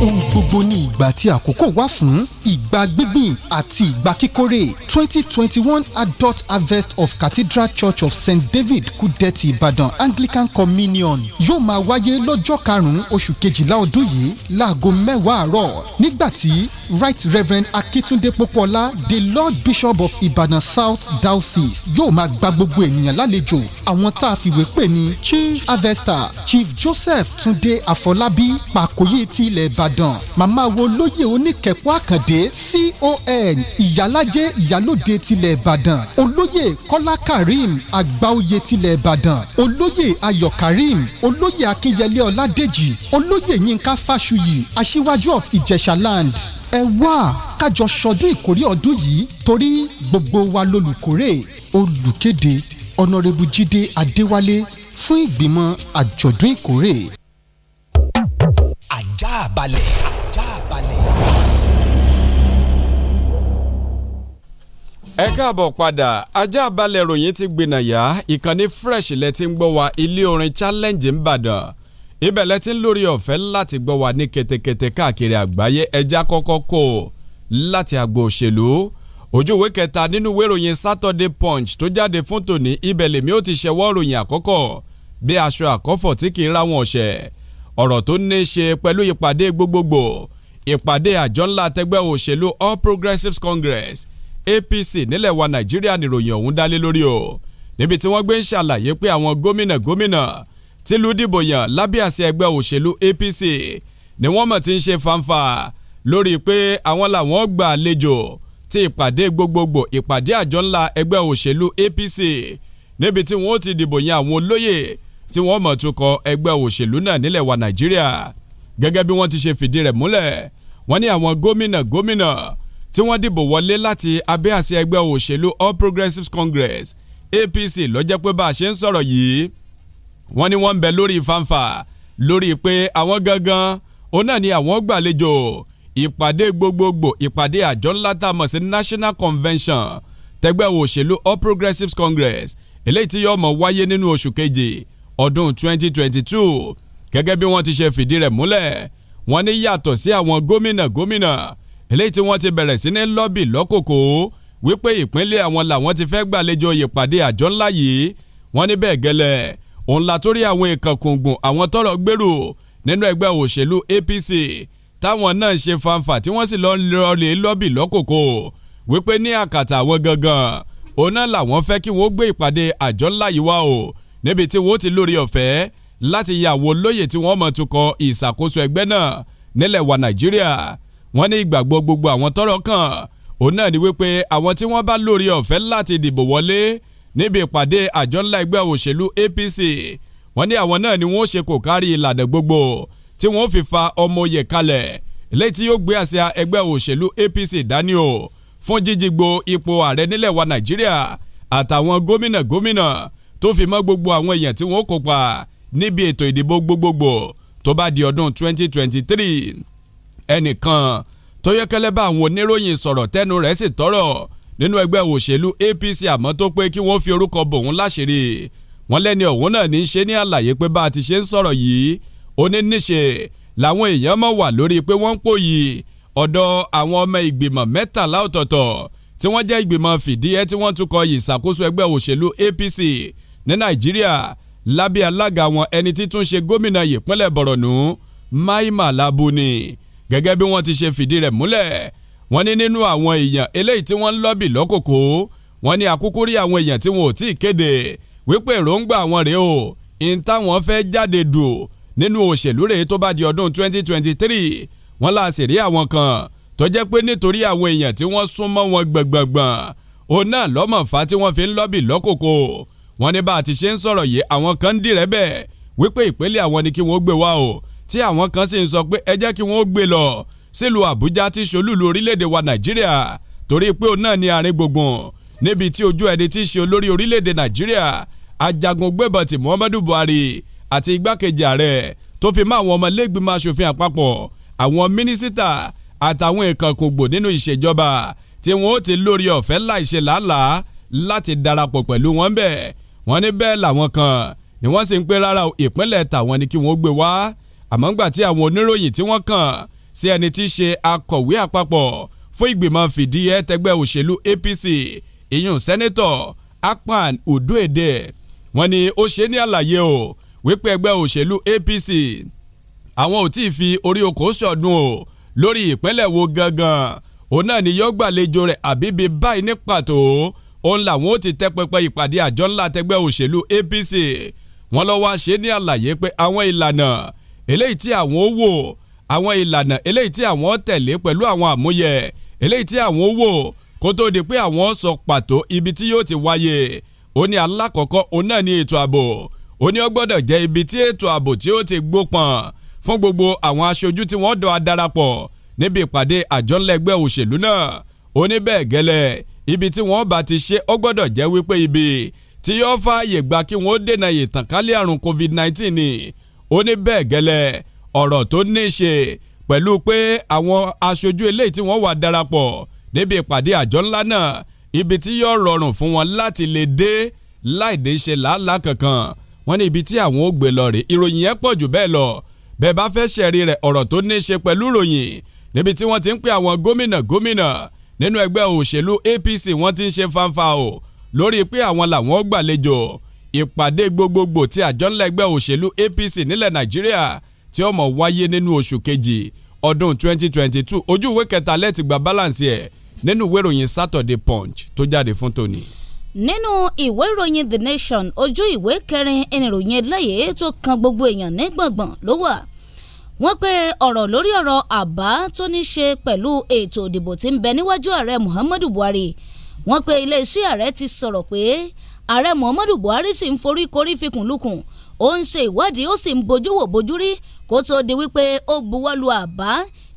ohun gbogbo ní ìgbà tí àkókò wà fún ìgbà gbígbìn àti ìgbà kíkórè twenty twenty one adult harvest of cathedral church of st david kúdẹ́tì ìbàdàn anglican communion yóò máa wáyé lọ́jọ́ karùn-ún oṣù kejìlá ọdún yìí láago mẹ́wàá àárọ̀ nígbà tí right reverend akitunde popola the lord bishop of ibadan south diocese yóò máa gba gbogbo ènìyàn lálejò àwọn tá a fìwé pè ní chief harvester chief joseph tunde afolabi pàkóyè ti ilẹ̀ ìbàdàn ìbàdàn màmá wo lóyè oníkẹ̀kọ́ àkàndé con ìyálàjẹ ìyálòde tilẹ̀ ìbàdàn olóyè kọ́lá karim àgbáoyè tilẹ̀ ìbàdàn olóyè ayọ̀ karim olóyè akínyẹlé ọládèjì olóyè yínká fásùyì aṣíwájú of ìjẹ̀ṣà land ẹ wá kájọ ṣọdún ìkórè ọdún yìí torí gbogbo wa lolùkórè olùkéde ọ̀nàrẹ́bù jíde adéwálé fún ìgbìmọ̀ àjọ̀dún ìkórè. Ajabale, ajabale. ajá balẹ̀. ẹ káàbọ̀ padà ajá balẹ̀ ròyìn ti gbìnàyà ìkànnì fresh lẹ ti ń gbọ́ wa ilé orin challenge ń bàdàn ibẹ̀ lẹ ti ń lórí ọ̀fẹ́ láti gbọ́ wa ní kẹ̀tẹ̀kẹ̀tẹ̀ káàkiri àgbáyé ẹja kọ́kọ́ kò láti àgbò òṣèlú ojú ìwé kẹta nínú ìwé ìròyìn Saturday Punch tó jáde fún tòní ibẹ̀ lèmi ó ti ṣẹwọ́ ròyìn àkọ́kọ́ bí aṣọ àkọ́fọ̀ tí kì í ra wọn ọ̀ṣẹ́ ọ̀rọ̀ tó ní í ṣe pẹ̀lú ìpàdé gbogbogbò ìpàdé àjọ ńlá tẹgbẹ́ òṣèlú All Progressives Congress APC nílẹ̀ wa Nàìjíríà nìròyìn ọ̀hún dálé lórí o níbi tí wọ́n gbé ń ṣàlàyé pé àwọn gómìnà gómìnà tìlú dìbò yàn lábẹ́ àṣẹ ẹgbẹ́ òṣèlú APC ni wọ́n mọ̀ ti ń ṣe fanfa lórí pé àwọn làwọn gbà àlejò ti ìpàdé gbogbogbò ìpàdé àjọ ńlá ẹgbẹ́ òṣèlú APC níbi tí wọ́n ti dìbò yàn àwọn olóyè tí wọ́n mọ̀ tó kọ ẹgbẹ́ òṣèlú náà nílẹ̀ wa nàìjíríà gẹ́gẹ́ bí wọ́n ti ṣe fìdí rẹ̀ múlẹ̀ wọ́n ní àwọn gómìnà gómìnà tí wọ́n dìbò wọlé láti abẹ́ àṣẹ ẹgbẹ́ òṣèlú All Progressives Congress APC ló jẹ́ pé bá a ṣe ń sọ̀rọ̀ yìí wọ́n ní wọ́n ń bẹ lórí fanfa lórí pé àwọn gangan òun náà ni àwọn gbàlejò ìpàdé gbogbogbò ìpàdé àjọ ńlá tá a mọ̀ sí National Convention tẹgbẹ́ òṣèlú All Progressives Congress eléyìí tí yóò mọ̀ wáyé nínú oṣù keje ọdún 2022 gẹ́gẹ́ bí wọ́n ti ṣe fìdí rẹ̀ múlẹ̀ wọ́n ní yàtọ̀ sí àwọn gómìnà gómìnà eléyìí tí wọ́n ti bẹ̀rẹ̀ sí ní lọ́bì lọ́kòkò wípé ìpínlẹ̀ àwọn làwọn ti fẹ́ gbàlejò ìpàdé àjọ ńlá yìí wọ́n ní bẹ́ẹ̀ gẹ́lẹ́ òun la torí àwọn ìkànkùngbùn àwọn tọ́rọ̀ gbèrú nínú ẹgbẹ́ òṣèlú APC táwọn náà ṣe fanfà tí wọ́n sì lọ lọlé lọ́bì lọ́kòkò wípé ní àkàtà àwọn gangan òun náà làwọn fẹ́ kí wọ́n gbé ìpàdé àjọ ńlá yìí wá o níbi tí wọ́n ti lórí ọ̀fẹ́ láti yà wò lóye tí wọ́n mọ̀ tukọ̀ ìṣàkóso ẹgbẹ́ náà nílẹ̀ wa Nàìjíríà wọ́n ní ìgbàgbọ́ gbogbo àwọn tọ́rọ̀ kàn òun náà ni wípé àwọn tí wọ́n bá lórí ọ̀fẹ́ láti dìbò wọlé níbi ìpàdé àjọ ńlá ẹgbẹ́ òṣèlú APC wọ́n ní àwọn náà ni wọ́n ṣe kò kárí ìlànà gbogbo tí wọ́n fi fa ọmọ oyè kalẹ̀ léyìí tí yóò gbé àsíá ẹgbẹ́ òṣèlú APC dání o fún jíjìgbò ipò ààrẹ nílẹ̀ wa Nàìjíríà àtàwọn gómìnà gómìnà tó fi mọ́ gbogbo àwọn èèyàn tí wọ́n kópa níbi ètò ìdìbò gbogbogbò tó bá di ọdún 2023 ẹnìkan tó yẹ́kẹ́lẹ́ bá àwọn oníròyìn sọ̀rọ̀ tẹ́nu rẹ̀ sì tọ́rọ̀ nínú ẹgbẹ́ òṣèlú APC àmọ́ tó pé kí wọ́n fi orúkọ bòun láṣìírí wọn lẹ́ni ọ̀hún náà ní í ṣe ní àlàyé pé bá a ti ṣe ń sọ̀rọ̀ yìí ó ní níṣe làwọn èèyàn mọ̀ wà lórí pé wọ́n ń pòyì ọ̀dọ̀ àwọn ọmọ ìgbìmọ̀ mẹ́tàlá ọ̀tọ̀ọ̀tọ̀ tí wọ́n jẹ́ ìgbìmọ̀ fìdíhẹ́ tí wọ́n tún kọ ìṣàkóso ẹgbẹ́ òṣèlú APC ní nàìjíríà lábẹ́ alága wọn ẹni títún ṣe gómìnà ìpínlẹ̀ bọ̀rọ̀nù mai malabu ni gẹ́gẹ́ bí wọ́n ti ṣe fìdí rẹ̀ múlẹ̀ wọ́n ní nínú àwọn èèyàn eléyìí tí wọ́n ń lọ́bì lọ́kòkò wọ́n ní àkúkú rí àwọn èèyàn tí wọn ò tí ì kéde wípé èròǹgbà àwọn rèé o in táwọn fẹ́ jáde dù nínú òṣèlú rèé tó bá di ọdún 2023 wọ́n là sì rí àwọn kan tó jẹ́ pé nítorí àwọn èèyàn tí wọ́n sún wọn gbọ̀ngbọ̀ngbọ̀n òun náà lọ́mọ̀fà tí wọ́n fi ń lọ́bì lọ́kòkò wọ́n ní bá a ti ṣe ń sọ̀rọ̀ yìí àwọn kan ń dìrẹ́ bẹ́ẹ̀ wípé ìpele àwọn ni kí wọ́n gbé wá o tí àwọn kan sì ń sọ pé ẹ jẹ́ kí wọ́n gbé lọ sílùú Àbújá tí ṣolúlu orílẹ̀-èdè wa Nàìjíríà torí pé òun náà ni àárín gbùngbùn níbi tí ojú ẹni tí í ṣe olórí orílẹ̀-èdè Nàìjíríà ajagun gbébọn ti Muhammadu Buhari àti igbákejì ààrẹ tó fi mọ́ àwọn ọmọlẹ́gbìmọ̀ aṣòfin àpapọ̀ àwọn mínísítà àtàwọn ìkànkùngbò nínú ìṣèjọba tí wọn ó ti lórí ọ̀fẹ́ láìṣe làálàá láti darapọ̀ pẹ̀lú wọn bẹ́ẹ̀ wọ́n ní bẹ́ẹ̀ làwọn kan ni wọ́n sì ń pé rárá ìpínlẹ̀ tàwọn ni kí wọ́n gbé wá àmọ́ ńgbà tí àwọn oníròyìn tí wọ́n kàn sí ẹni tí í ṣe akọ̀wé àpapọ̀ fún ìgbìmọ̀ fìdíhe tẹgbẹ́ òṣèlú APC ìyún sẹ́nẹ́tọ̀ Akpan Odoede wọ́n ní ó ṣe ní àlàyé o wípé ẹgbẹ́ òṣèlú APC àwọn ò tí ì fi orí okòó sọ̀dún o lórí ìpínlẹ̀ wo gangan òun náà ni yóò gbàlejò rẹ̀ àbíbi báyìí ní pàtó òun làwọn ó ti tẹ́ pẹpẹ ìpàdé àjọ ńlá tẹgbẹ́ òṣèlú APC wọ́n lọ wá ṣe ní àlàyé pé àwọn ìlànà eléyìí tí àwọn ó wò àwọn ìlànà eléyìí tí àwọn ó tẹ̀lé pẹ̀lú àwọn àmúyẹ eléyìí tí àwọn ó wò kó tó di pé àwọn sọ pàtó ibi tí yóò ti wáyé ó ní alákọ̀ọ́kọ́ òun náà ní ètò ààbò ó ní ó gbọ́dọ̀ jẹ́ ibi tí ètò ààbò tí ó ti gbópọn fún gbogbo àwọn aṣojú tí wọ́n dọ̀ adarapọ̀ níbi ìpàdé àjọ ńlẹ́gbẹ́ òṣèlú náà ó ní bẹ́ẹ̀ gẹ́lẹ́ ibi tí wọ́n bá ti ṣe ó gbọ́dọ̀ jẹ́ wípé ibi tí yóò fààyè gba kí wọ́n dènà ìtànkálẹ̀ àrùn COVID-19 ni ó ní bẹ́ẹ̀ gẹ́lẹ́ ọ̀rọ̀ tó ní í ṣe pẹ̀lú pé àwọn aṣojú eléyìí tí wọ́n wà darapọ̀ níbi ìpàdé àjọ ńlá náà ibi tí yóò rọrùn fún wọn láti lè dé láìdè ṣe làálàá kankan wọ́n ní ibi tí àwọn ó gbé lọ rè ìròyìn yẹn pọ̀ jù bẹ́ẹ̀ lọ bẹ́ẹ̀ bá fẹ́ ṣẹ̀rí rẹ̀ ọ̀rọ̀ tó ní í ṣe pẹ̀lú ìròyìn níbi tí wọ́n ti ń pè àwọn gómìnà gómìnà nínú ẹgbẹ́ òṣèlú APC wọ́n ti ń ṣe fanfa o lórí pé àwọn làwọn gbàlejò ìpàdé gbogbogbò tí àjọ ńlá ẹgbẹ́ òṣèlú APC nílẹ̀ Nàìjíríà tí ó mọ̀ wáyé nínú oṣù kejì ọdún 2022 ojú ìwé kẹta lẹ́tì gba balance ẹ̀ nínú ìwé ìròyìn Saturday Punch tó jáde fún tòní. nínú ìwé ìròyìn The Nation ojú ìwé kẹrin ìròyìn eléyìí tó kan gbogbo èèyàn ní gbọ̀ngbọ̀n ló wà wọ́n pe ọ̀rọ̀ lórí ọ̀rọ̀ àbá tó ní ṣe pẹ̀lú ètò ìdìbò tí ń bẹ níwájú ààrẹ Muhammadu Buhari wọ́n pe iléeṣẹ́ ààrẹ ti sọ̀rọ̀ pé ààrẹ Muhammadu Buhari sì ń forí korí fikùn lukùn ó ń ṣe ìwádìí ó sì ń bojú wò bojú rí kó tó di wípé ó buwọ́lu àbá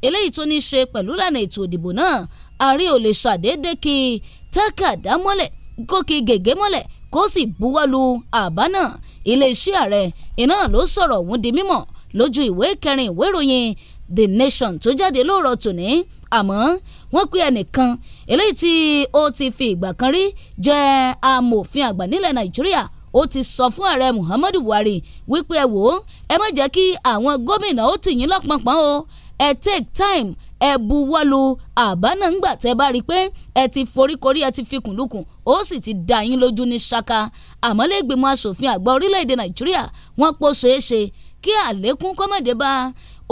eléyìí tó ní ṣe pẹ̀lú lànà ètò ìdìbò náà ààrẹ ò lè ṣàdédé kí tákàdá mọ́lẹ̀ kó kí gègé mọ́lẹ̀ kó sì buwọ́lu àbá náà iléeṣẹ́ ààrẹ iná ló sọ̀rọ̀ ọ̀hún di mímọ̀ lójú ìwé kẹrin ìwé ìròyìn The Nation tó jáde lóòrọ̀ tòní àmọ́ wọ́n pe ẹnìkan eléyìí tí ó ti fi ìgbà kan rí jẹ́ amòfin àgbà nílẹ̀ Nàìjíríà ó ti sọ fún ààrẹ Muhammadu Buhari wípé ẹ wò ó ẹ má jẹ́ kí àwọn gómìnà ó tì yín lọ́pọ̀npọ̀n o ẹ take time ẹ buwọ́lu àbá náà ń gbà tẹ́ bá rí i pé ẹ ti foríkorí ẹ ti fikùn lukùn ó sì ti dá yín lójú ní ṣáká àmọ́ asòfin àgbà orílẹ̀-èdè Nàìjíríà wọ́n pọ̀ ṣeéṣe kí àlékún kọ́mọ̀dé bá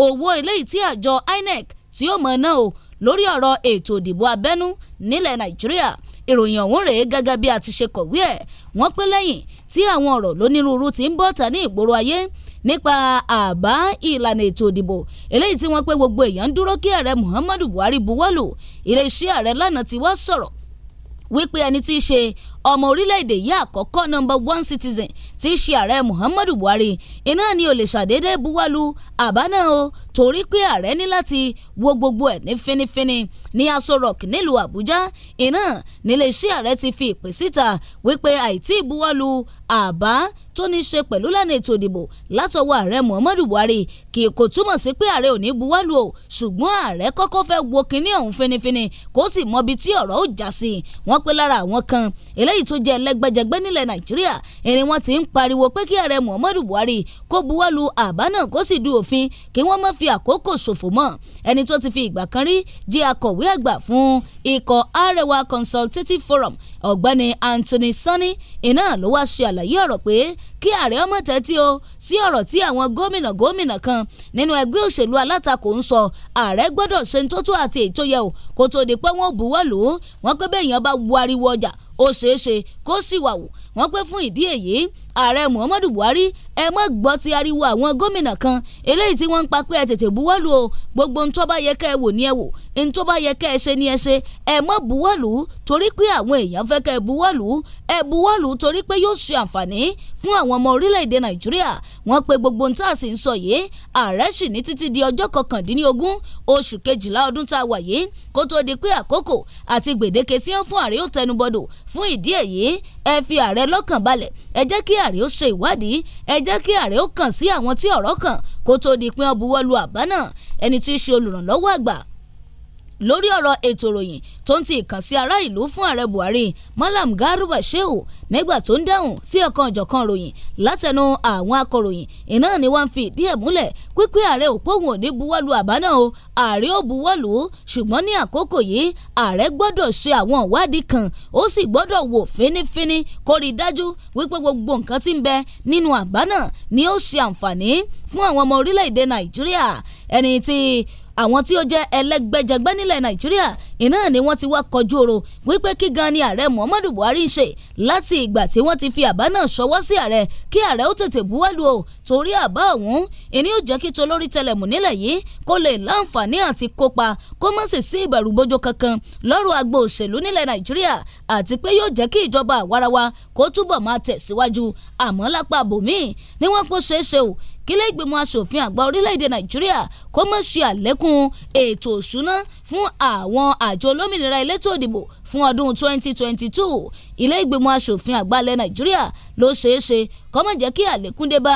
owó eléyìí tí àjọ INEC tí ó mọ̀ náà o lórí ọ̀rọ̀ ètò ìdìbò abẹ́nú nílẹ̀ Nàìjíríà ìròyìn ọ̀hún rèé gẹ́gẹ́ bí a ti ṣe kọ̀wé ẹ̀ wọ́n pé lẹ́yìn tí àwọn ọ̀rọ̀ lónírúurú ti ń bọ̀ ta ní ìgboro ayé nípa àbá ìlànà ètò ìdìbò eléyìí tí wọ́n pé gbogbo èèyàn ń dúró kí ààrẹ Muhammadu Buhari buwọ́lù iléeṣẹ́ ààrẹ lánàá ti wá sọ̀rọ̀ wípé ẹni tí í ṣe ọmọ orílẹ̀-èdè yìí àkọ́kọ́ number one citizen tí ṣe ààrẹ Muhammadu Buhari iná ni ò lè ṣàdédé buwọ́lu àbá o torí pé ààrẹ ní láti wo gbogbo ẹ̀ ní finifini ní Aso Rock nílùú Àbújá iná níléeṣẹ́ ààrẹ ti fi ìpè síta wípé àìtí ìbuwọ́lù àbá tó ní í ṣe pẹ̀lú lánàá ètò ìdìbò látọwọ́ ààrẹ Muhammadu Buhari kì í kò túmọ̀ sí pé ààrẹ ò ní buwọ́lù o ṣùgbọ́n ààrẹ kọ́kọ́ fẹ́ wo kinní ọ̀hún finifini kó sì mọbi tí ọ̀rọ̀ ó já sí wọ́n pé lára àwọn kan eléyìí tó jẹ́ ẹlẹ́gbẹ́jẹgbẹ́ nílẹ̀ Nàìjíríà ẹni wọ́n ti ń pariwo pé kí ààrẹ Muhammadu Buhari kó buwọ́lù àbá náà kó sì du òfin kí wọ́n má f fi àkókò ṣòfò mọ́ ẹni tó ti fi ìgbà kan rí jẹ́ akọ̀wé àgbà fún ikọ̀ Arewa Consultative Forum ọ̀gbẹ́ni Anthony Sani iná ló wá ṣe àlàyé ọ̀rọ̀ pé kí ààrẹ ọmọ tẹ́tí o sí ọ̀rọ̀ tí àwọn gómìnà gómìnà kan nínú ẹgbẹ́ òṣèlú alátakò ń sọ ààrẹ gbọ́dọ̀ ṣe ń tótó àti ètò yẹ o kó tó di pé wọ́n buwọ́ lù ú wọ́n pé bẹ́ẹ̀ yẹn bá wo ọjà ó ṣeéṣe kó sì wà wò wọ́n pé fún ìdí èyí ààrẹ muhammadu buhari ẹ mọ́ gbọ́ ti ariwo àwọn gómìnà kan eléyìí tí wọ́n ń pa pé ẹ tètè buwọ́lu o gbogbo ń bá yẹ kẹ́ ẹ wò ní ẹ wò n tó bá yẹ kẹ́ ẹ ṣe ni ẹ ṣe ẹ mọ́ buwọ́lù torí pé àwọn èèyàn fẹ́ kẹ́ ẹ buwọ́lù ẹ buwọ́lù torí pé yóò ṣe àǹfààní fún àwọn ọmọ orílẹ̀-èdè nàìjíríà wọ́n pe gbogbo ohun tá a sì ń sọ yìí ààrẹ sì ní títí di ọjọ́ kọkàndínlógún oṣù kejìlá ọdún tá a wà yìí kó tó di pé àkókò àti gbèdéke sí ń fún ààrẹ ó tẹnubọdò fún ìdí èyí ẹ fi ààrẹ lọ́kàn balẹ̀ ẹ jẹ́ kí ààrẹ ó ṣe ìwádìí ẹ jẹ́ kí ààrẹ ó kàn sí àwọn tí ọ̀rọ̀ kàn kó tó di pé wọ́n buwọ́lu àbá náà ẹni tí í ṣe olùrànlọ́wọ́ àgbà lórí ọ̀rọ̀ ètò ìròyìn tó ń ti ìkànsí ará ìlú fún ààrẹ Buhari Malam Garba Shehu nígbà tó ń dáhùn sí ọ̀kan ọ̀jọ̀kan ròyìn látẹnu àwọn akọ̀ròyìn iná ni wọ́n fi ìdí ẹ̀ múlẹ̀ pípé ààrẹ òpóhùn ò ní buwọ́lu àbá náà o ààrẹ ò buwọ́lu ṣùgbọ́n ní àkókò yìí ààrẹ gbọ́dọ̀ ṣe àwọn ìwádìí kan ó sì gbọ́dọ̀ wò fínífíní kó rí dájú wípé gbogbo nǹkan tí ń bẹ nínú àbá náà ni ó ṣe àǹfààní fún àwọn ọmọ orílẹ̀-èdè Nàìjíríà ẹni tí àwọn tí ó jẹ́ ẹlẹ́gbẹ́jẹgbẹ́ nílẹ̀ nàìjíríà iná ni wọ́n ti wá kọjú ọ̀rọ̀ wípé kí gan ni ààrẹ muhammadu buhari ń ṣe láti ìgbà tí wọ́n ti fi àbá náà ṣọwọ́ sí ààrẹ kí ààrẹ ó tètè buwọ́lù o torí àbá ọ̀hún ìní ó jẹ́ kí tolórí tẹlẹ̀mù nílẹ̀ yìí kó lè láǹfààní àti kópa kó má sì sí ìbẹ̀rùbojo kankan lọ́rọ̀ agbo òṣèlú nílẹ̀ nàìjíríà àti pé yóò jẹ́ kí ìjọba àwarawa kó túbọ̀ máa tẹ̀síwájú àmọ́ lápá bòmíì ni wọ́n kó ṣeéṣe o kílé ìgbìmọ̀ asòfin àgbà orílẹ̀-èdè nàìjíríà kó mọ̀ ṣe àlékún ètò òṣùná fún àwọn àjọ olómìnira elétò òdìbò fún ọdún 2022 ilé ìgbìmọ̀ asòfin àgbà ilẹ̀ nàìjíríà ló ṣeé ṣe kó má jẹ́ kí àlékún dé bá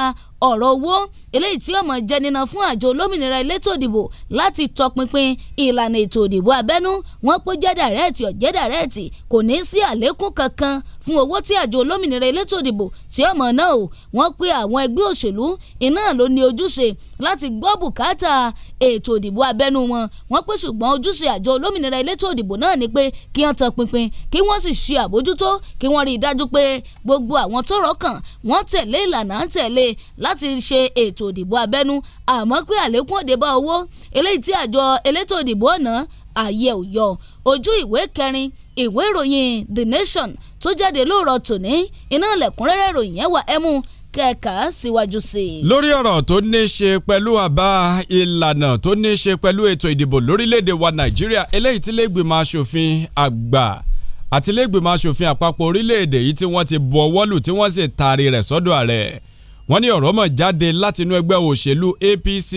ọ̀rọ̀ owó eléyìí tí ọmọ jẹ́ nínà fún àjọ olómìnira elétò ìdìbò láti tọpinpin ìlànà ètò ìdìbò abẹ́nú wọn pé jẹ́ dàrẹ́ẹ̀tì ọ̀jẹ́ dàrẹ́ẹ̀tì kò ní sí àlékún kankan fún owó tí àjọ olómìnira elétò ìdìbò tí ọmọ náà o wọn pé àwọn ẹgbẹ́ òṣèlú iná ló ní ojúṣe láti gbọ́ bùkátà ètò ìdìbò abẹ́nú wọn wọn pé ṣùgbọ́n ojúṣe àjọ olómìnira elétò ìdìbò náà ni pé kí wọ́n tan tọpinpin kí wọ́n sì ṣe àbójútó kí wọ́n rí i dájú pé gbogbo àwọn tó rọ̀ kàn wọ́n tẹ̀lé ìlànà tẹ̀lé láti ṣe ètò ìdìbò abẹ́nú àmọ́ pé àlékún òde bá owó eléyìí tí àjọ elétò ìdìbò ọ̀nà ààyè ò yọ ojú ìwé kẹrin ìwé ìròyìn The Nation tó jáde lóòrọ̀ tòní iná lẹ̀kúnrẹ́rẹ́ ìròyìn yẹn wà ẹ́mú kẹ́ẹ̀ka síwájú sí i. lórí ọ̀rọ̀ tó ní í ṣe pẹ̀lú àbá ìlànà tó ní ṣe pẹ̀lú ètò ìdìbò lórílẹ̀‐èdè wa nàìjíríà eléyìí tí lẹ́gbìmọ̀ asòfin àgbà àti lẹ́gbìmọ̀ asòfin àpapọ̀ orílẹ̀‐èdè yìí tí wọ́n ti bu ọwọ́ lù tí wọ́n sì taari rẹ̀ sọ́dọ̀ ààrẹ wọ́n ní ọ̀rọ̀ mọ̀ jáde látinú ẹgbẹ́ òṣèlú APC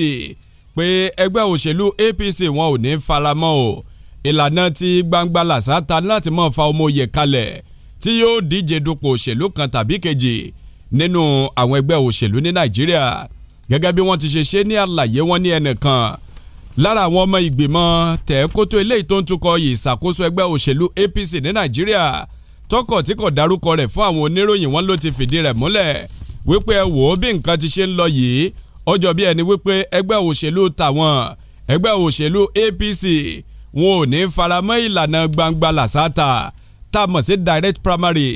pé ẹgbẹ́ òṣèlú APC wọn ò ní faramọ́ o ìlànà ti gbangba làṣà ta láti mọ̀ fa ọmọ òye kalẹ̀ tí yóò díje dupò òṣèlú kan tàbí kejì nínú àwọn ẹgbẹ́ òṣèlú ní nàìjíríà gẹ́gẹ́ bí wọ́n ti ṣe ṣe ní àlàyé wọn ní ẹnìkan lára àwọn ọmọ ìgbìmọ̀ tẹ̀ẹ́kótó eléyìí tó ń tukọ̀ yìí ìṣàkóso ẹgbẹ́ òṣèlú APC ní nàìjíríà tọkọ̀ tí kò dárúkọ rẹ̀ fún àwọn oníròyìn wọn ló ti fìdí rẹ̀ múlẹ̀ wípé ẹ wò ó bí nǹkan ti ṣe ń lọ yìí ọjọ́ bí ẹni wípé ẹgbẹ́ òṣèlú tàwọn ẹgbẹ́ òṣèlú APC wọn ò ní faramọ́ ìlànà gbangba làṣáta tá a mọ̀ sí direct primary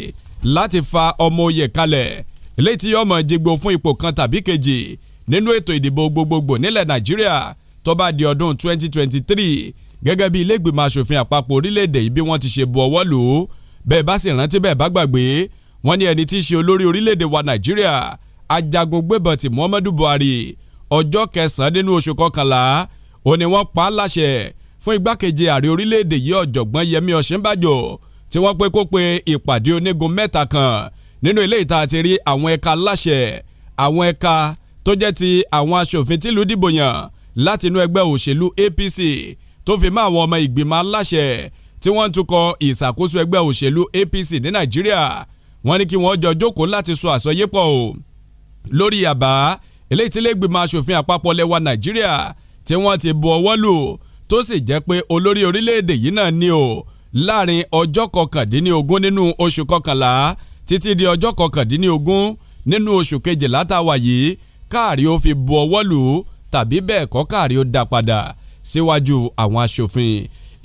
láti fa ọmọ oyè kalẹ̀ eléyìí tí yọmọ jẹgbó fún ipò kan tàbí kejì nínú ètò ìdìbò gbogbogbò nílẹ̀ nàìjíríà tó di ọdún 2023 gẹ́gẹ́ bí ilé ìgbìmọ̀ asòfin àpapọ̀ orílẹ̀-èdè yìí bí wọ́n ti ṣe bu ọwọ́ lù ú bẹ́ẹ̀ bá sì rántí bẹ́ẹ̀ bá gbàgbé wọ́n ní ẹni tí í ṣe olórí orílẹ̀-èdè wa nàìjíríà ajagun gbébọn ti muhammadu buhari ọjọ́ kẹsàn-án nínú oṣù kọkànlá ó ní wọ́n pa á láṣẹ fún igbákejì ààrẹ orílẹ̀-èdè yìí ọ̀jọ̀gbọ́n yẹmí ọ̀ṣínbàjò tí wọ́n pé kó pe ìpàdé onígun mẹ́ta kan nínú ilé ìta ti rí àwọn ẹ̀ka láṣẹ àwọn ẹ̀ka tó jẹ́ ti àwọn aṣòfin tìlú dìbò yàn láti inú ẹgbẹ́ òṣèlú APC tó fi mọ́ àwọn ọmọ ìgbìmọ̀ aláṣẹ tí wọ́n ń tukọ̀ ìṣàkóso ẹgbẹ́ òṣèlú APC ní Nàìjíríà wọ́n ní kí wọ́n jọ jókòó láti sọ àsọyépọ̀ o lórí àbá eléyìí tí ilégbìmọ̀ aṣòfin àpapọ̀ lẹwa Nàìjíríà tí wọ́n ti bu ọwọ́ lù tó sì jẹ́ pé olórí orílẹ̀-èdè yìí náà ni o láàrin ọjọ́ kọkàndínlógún nínú oṣù kọkànlá títí di ọjọ́ kọkàndínlógún nínú oṣù kejìlá tá a wà yìí káàrí ó fi bu ọwọ́ lù ú tàbí bẹ́ẹ̀ kọ́ káàrí ó dá padà síwájú àwọn aṣòfin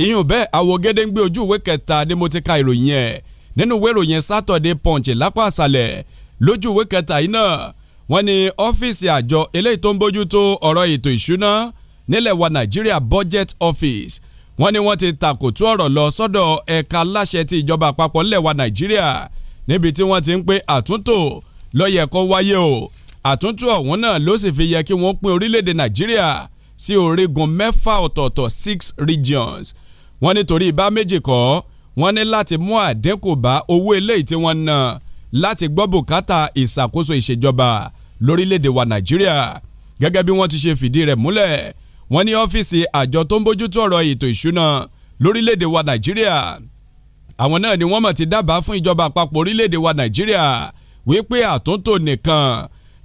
ìyún bẹ́ẹ̀ àwògedengbe ojú ìwé kẹta ni mo ti ka ìròyìn ẹ̀ nínú ìwé ìròyìn Saturday Punch lápá àṣálẹ́ lójú ìwé kẹta yìí náà wọ́n ní ọ́fíìsì àjọ eléyìí tó ń bójú tó ọ̀rọ̀ ètò ìṣúná nílẹ̀ wa Nàìjíríà Budget Office wọ́n ní wọ́n ti takòtú ọ̀rọ̀ lọ sọ́dọ̀ ẹ̀ka aláṣẹ ti ìjọba àpapọ̀ nílẹ̀ wa Nàìjíríà níbi tí wọ́n ti ń pé àtúntò lọ́yẹ̀ kó wáyé o àtúntò ọ̀hún náà ló sì fi yẹ kí wọ́n pín orílẹ̀-èdè nàìjíríà sí orígun mẹ́fà ọ̀tọ̀ọ̀tọ̀ six regions wọ́n nítorí ibà méjì kọ́ wọ́n ní láti mú àdínkù bá owó eléyìí tí wọ́n ná láti gbọ́ bùkátà ìṣàkóso ìṣèjọba lórílẹ̀-èdè wa nàìjíríà gẹ́gẹ́ bí wọ́n ti ṣe fìdí rẹ̀ múlẹ̀ wọ́n ní ọ́fíìsì àjọ tó ń bójútó ọ̀rọ̀ ètò ìṣúná lórílẹ̀-èdè wa nàìjíríà àwọn náà ni wọ́n mọ̀ ti dábàá fún ìjọba àpapọ̀ orílẹ̀-èdè wa nàìjíríà wípé àtúntò nìkan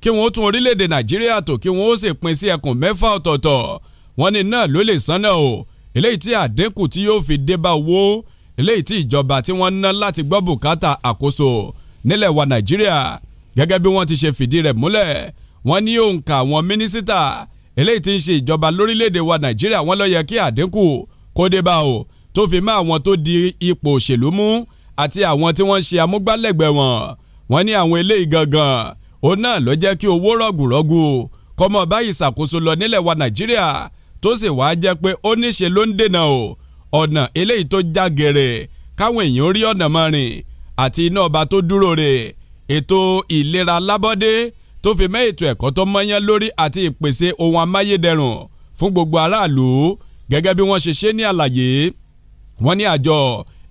kí wọ́n tún orílẹ̀-èdè nàìjíríà tò kí wọ́n ó sì pín sí ẹkùn mẹ́fà ọ̀tọ̀ọ̀tọ̀ wọ́n ní náà ló lè sánná o eléyìí tí àdínkù tí yóò fi dé bá owó eléyìí tí ìjọba tí wọ́n ná láti gbọ́ bùkátà àkóso nílẹ̀ wa nàìjíríà gẹ́gẹ́ bí wọ́n ti ṣe fìdí rẹ̀ múlẹ̀ wọ́n ní òǹkà àwọn mínísítà eléyìí tí ń ṣe ìjọba lórílẹ̀‐èdè wa nàìjíríà wọ́n ló yẹ kí àdínkù kó dé bá o tó fi mọ́ àwọn tó di ipò òṣèlú mú àti àwọn tí wọ́n ṣe amúgbálẹ́gbẹ̀ẹ́ wọn wọ́n ní àwọn eléyìí gangan òun náà ló jẹ́ kí owó rọ̀gùrọ̀gù kọ́mọ báyìí ṣàkóso lọ nílẹ̀ wa Nàìjíríà tó sì wá jẹ́ pé ó níṣe ló ń dènà o ọ̀nà eléyìí tó já gèrè káwọn èèyàn rí ọ̀nà máa rìn àti iná ọba tó dúró rè ètò ìlera lábọ́dé tó fi mẹ́ ètò ẹ̀kọ́ tó mọ́yán lórí àti ìpèsè ohun amáyédẹrùn fún gbogbo aráàlú gẹ́gẹ́ bí wọ́n ṣe ṣe ní àlàyé wọ́n ní àjọ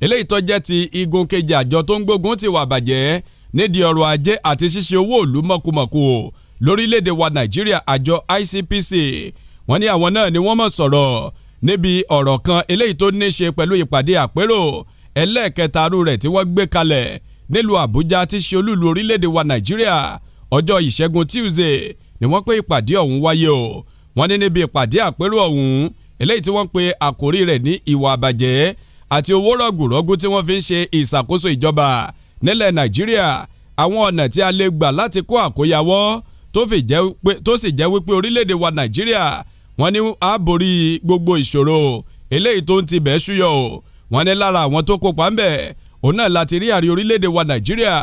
eléyìí tó jẹ́ ti igun kejì àjọ tó ń gbógun ti wà bàjẹ́ nídìí ọrọ̀ ajé àti ṣíṣe owó ìlú mọ̀kùmọ̀kù lórílẹ̀‐èdè wa nàìjíríà àjọ ICPC wọ́n ní àwọn náà ni wọ́n mọ̀ sọ̀rọ̀ níbi ọ̀rọ̀ kan eléyìí tó ní ṣe pẹ̀lú ìpàdé àpérò ẹlẹ́ẹ̀kẹtàrú rẹ̀ tí wọ́n gbé kalẹ̀ nílùú àbújá tí ṣe olúlu orílẹ̀‐èdè wa nàìjíríà ọjọ́ ìṣẹ́gun Tuesday ni wọ́n pé ìpàdé ọ̀hún wáyé o wọ́n ní níbi ìpàdé àpérò ọ̀hún eléyìí tí wọ́n pe àkórí rẹ̀ ní ìwà àbàjẹ́ àti owó rọ̀gùrọ̀gù tí wọ́n fi ń ṣe ìṣàkóso ìjọba nílẹ̀ nàìjíríà àwọn ọ̀nà tí a lè gbà láti kó àkóyawọ́ tó sì jẹ́ wípé orílẹ̀-èdè wa nàìjíríà wọ́n ní a borí gbogbo ìṣòro eléyìí tó ń tibẹ̀ ṣúyọ̀ o wọ́n ní lára àwọn tó kópa ń bẹ̀ òun náà láti rí àrí orílẹ̀-èdè wa nàìjíríà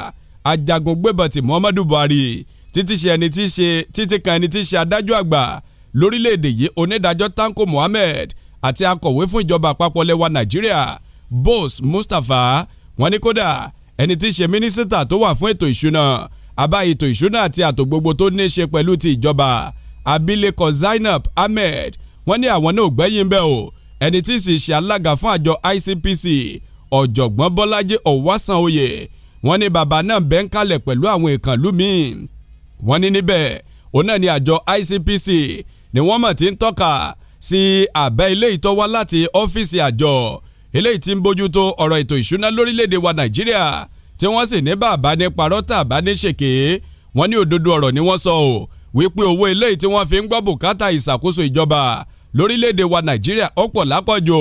ajagun gbébọn ti muhammadu buhari títí kan ẹni tí í ṣe adájọ́ àgbà lórílẹ̀‐èdè yìí onídàájọ́ Tanko Muhammed àti akọ̀wé fún ìjọba àpapọ̀ lẹwa Nàìjíríà Bose Mustapha wọ́n ní kódà ẹni tí í ṣe mínísítà tó wà fún ètò ìṣúná àbá ètò ìṣúná àti àtò gbogbo tó ní í ṣe pẹ̀lú ti ìjọba abilékọ Zainab Ahmed wọ́n ní àwọn náà gbẹ́yìn bẹ́ẹ̀ o ẹni tí sì ṣe alága fún àjọ ICPC ọ̀jọ̀gbọ́n Bọ́lájí Ọ̀wásanoyè wọ́n ní bàbá náà bẹ́ẹ̀ ń kalẹ̀ pẹ̀lú àwọn ìkànnlú míì wọ́n ni níbẹ̀ òun náà ni àjọ ICPC ni wọ́n mọ̀ tí ń tọ́ka sí àbẹ́ ilé ìtọ́wá láti ọ́fíìsì àjọ eléyìí tí ń bójútó ọ̀rọ̀ ètò ìṣúná lórílẹ̀‐èdè wa nàìjíríà tí wọ́n sì ní bàbá ní parọ́ tàbá ní ṣèké wọ́n ní òdodo ọ̀rọ̀ ni wọ́n sọ ò wípé owó eléyìí tí wọ́n fi ń gbọ́ bùkátà ìṣàkóso ìjọba lórílẹ̀‐èdè wa nàìjíríà ọ̀pọ̀ lápọ̀jù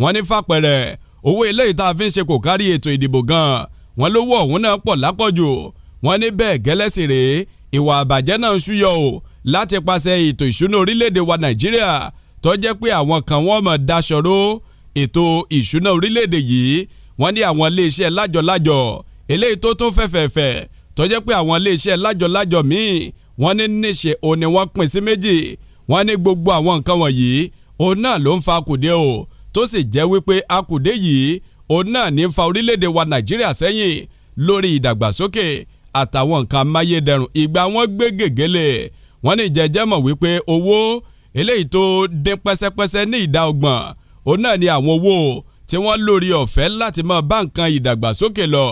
wọ́n ní fàpẹ̀rẹ̀ owó eléyìí tá a fi ń ṣe kò kárí ètò ìdìbò gan wọ́n lówó ọ̀hún náà pọ̀ lápọ̀jù wọ́n ní bẹ́ẹ̀ gẹ́lẹ́sì rèé ìwà àbàjẹ́ náà ń ṣúyọ láti pàṣẹ ètò ìṣúná orílẹ̀-èdè wa nàìjíríà tó jẹ́ pé àwọn kan wọ́n mọ̀ daṣọ̀rò ètò ìṣúná orílẹ̀-èdè yìí wọ́n ní àwọn iléeṣẹ́ lájọ̀lájọ̀ eléyìí tó tún fẹ̀fẹ̀fẹ̀ tó jẹ́ pé àwọn iléeṣẹ́ lájọ̀lájọ̀ míì wọ́n ní níṣe òun ni wọ́n pín sí méjì wọ́n ní gbogbo àwọn nǹkan wọ̀nyí òun náà ló ń fa akùdé o tó sì jẹ́ wípé akùdé yìí òun náà ní fa orílẹ̀-èdè wa nàìjíríà sẹ́yìn lórí ìdàgbàsókè àtàwọn nǹkan amáyédẹrùn ìgbà wọn gbé gègélè wọ́n ní ìjẹ́jẹ́ mọ̀ wípé owó eléyìí tó dín pẹ́sẹ́pẹ́sẹ́ ní ìdá ọgbọ̀n òun náà ni àwọn owó tí wọ́n lórí ọ̀fẹ́ láti máa bá nǹkan ìdàgbàsókè lọ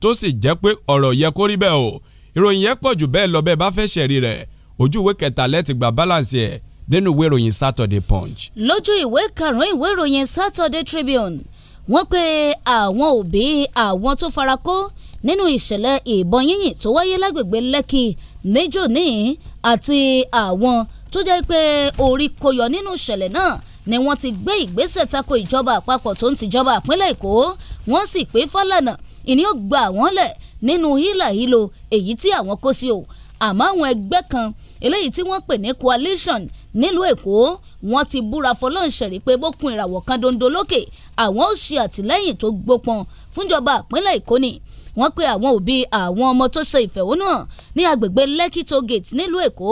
tó sì jẹ́ pé ọ̀rọ̀ yẹ kó rí bẹ́ẹ̀ o ìròyìn yẹn pọ̀ jù bẹ́ẹ̀ lọ bẹ́ẹ̀ bá fẹ́ ṣẹ̀rí rẹ̀ ojú ìwé kẹta lẹ́ẹ̀ gba balance ẹ̀ nínú ìwé ìròyìn Saturday Punch. lójú ìwé karùn-ún ìwé ìròyìn Saturday Tribune wọ́n pe àwọn òbí àwọn tó farako nínú ìṣẹ̀lẹ̀ ìbọn yínyìn tó wáyé lágbègbè Lẹ́kì níjòní àti àwọn tó jẹ́ pé orí koyọ nínú ìṣẹ̀lẹ̀ náà ni wọ́n ti gbé ìgbésẹ̀ tako ìjọba àpapọ̀ tó ń tìjọba ìpínlẹ̀ èkó wọ́n sì pé fálànà ìní ó gba àwọn lẹ̀ nínú hílà hílo èyí tí àwọn kó sí o àmọ́ àwọn ẹgbẹ́ kan eléyìí tí wọ́n pè ní coalition nílùú èkó wọ́n ti búra fọlọ́ǹṣẹ̀rí pé bókun ìràwọ̀ kan dondo lókè àwọn ó ṣe àtìlẹ́yìn tó gbópọn fúnjọba ìpínlẹ̀ èkó ni wọ́n pe àwọn òbí àwọn ọmọ tó ṣe ìfẹ̀hónúhàn ní agbègbè Lekki toll gate nílùú Èkó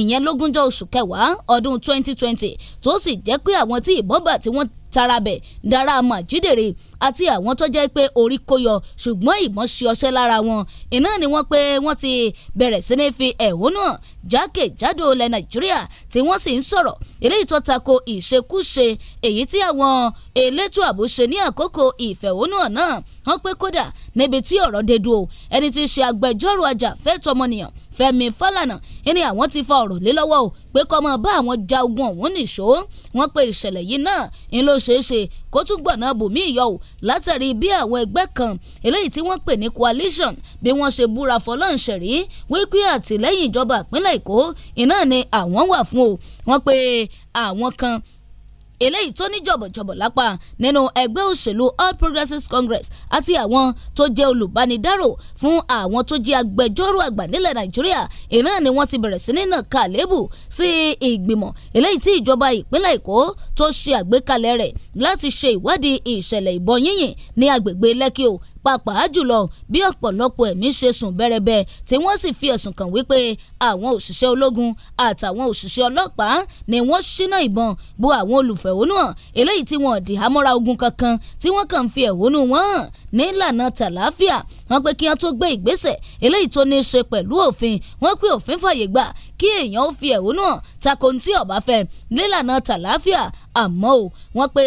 ìyẹn lógúnjọ́ oṣù kẹwàá ọdún 2020 tó sì jẹ́ pé àwọn tí ìbọn bà tí wọ́n tarabẹ̀ dara màjídèrè àti àwọn tó jẹ́ pé orí kó yọ ṣùgbọ́n ìbọn ṣe ọṣẹ́ lára wọn iná ni wọ́n pé wọ́n ti bẹ̀rẹ̀ sí ní fi ẹ̀hónú hàn jákèjádò ilẹ̀ nàìjíríà tí wọ́n sì ń sọ̀rọ̀ eléyìí tó tako ìṣekúṣe èyí tí àwọn elétò ààbò ṣe ní àkókò ìfẹ̀hónúhàn náà wọ́n pé kódà níbi tí ọ̀rọ̀ dé ẹni tí í ṣe agbẹjọ́rò ajàfẹ́tọ̀ọ́mọnìyàn Fẹ́mi Fálànà ẹni àwọn ti fa ọ̀rọ̀ lé lọ́wọ́ o pé kó má bá àwọn ja ogun ọ̀hún nìṣó wọ́n pe ìṣẹ̀lẹ̀ yìí náà ń ló ṣeé ṣe kó tún gbọ̀nà bòmí ìyọ̀ o látàrí bí àwọn ẹgbẹ́ kan eléyìí tí wọ́n pè ní coalition bí wọ́n ṣe búra fọlọ́ǹṣẹ̀rí wípé àtìlẹ́yìn ìjọba ìpínlẹ̀ Èkó iná ni àwọn wà fún o wọ́n pe àwọn kan eléyìí tó ní jọ̀bọ̀jọ̀bọ̀ lápá nínú ẹgbẹ́ òṣèlú All Progressives Congress àti àwọn tó jẹ́ olùbánidárò fún àwọn tó jẹ́ agbẹjọ́rò àgbà nílẹ̀ Nàìjíríà iná ni wọ́n ti bẹ̀rẹ̀ sí ní nà ká lébù sí ìgbìmọ̀ eléyìí tí ìjọba ìpínlẹ̀ Èkó tó ṣe àgbékalẹ̀ rẹ̀ láti ṣe ìwádìí ìṣẹ̀lẹ̀ ìbọn yínyìn ní agbègbè Lẹ́kì pàápàá jùlọ bí ọ̀pọ̀lọpọ̀ ẹ̀mí ṣe sùn bẹ́rẹ̀bẹ́ tí wọ́n sì fi ẹ̀sùn kàn wípé àwọn òṣìṣẹ́ ológun àtàwọn òṣìṣẹ́ ọlọ́pàá ni wọ́n ṣínà ìbọn bo àwọn olùfẹ̀hónúhàn eléyìí tí wọ́n dìhámọ́ra ogun kankan tí wọ́n kàn fi ẹ̀hónú wọn hàn nílànà tàlàáfíà wọ́n pé kí wọ́n tó gbé ìgbésẹ̀ eléyìí tó ní í ṣe pẹ̀lú òfin wọ́n pé òfin fàyè gbà kí èèyàn ó fi ẹ̀hónú hàn tako ní tí ọ̀bá fẹ́ nílànà tàlàáfíà àmọ́ o wọ́n pé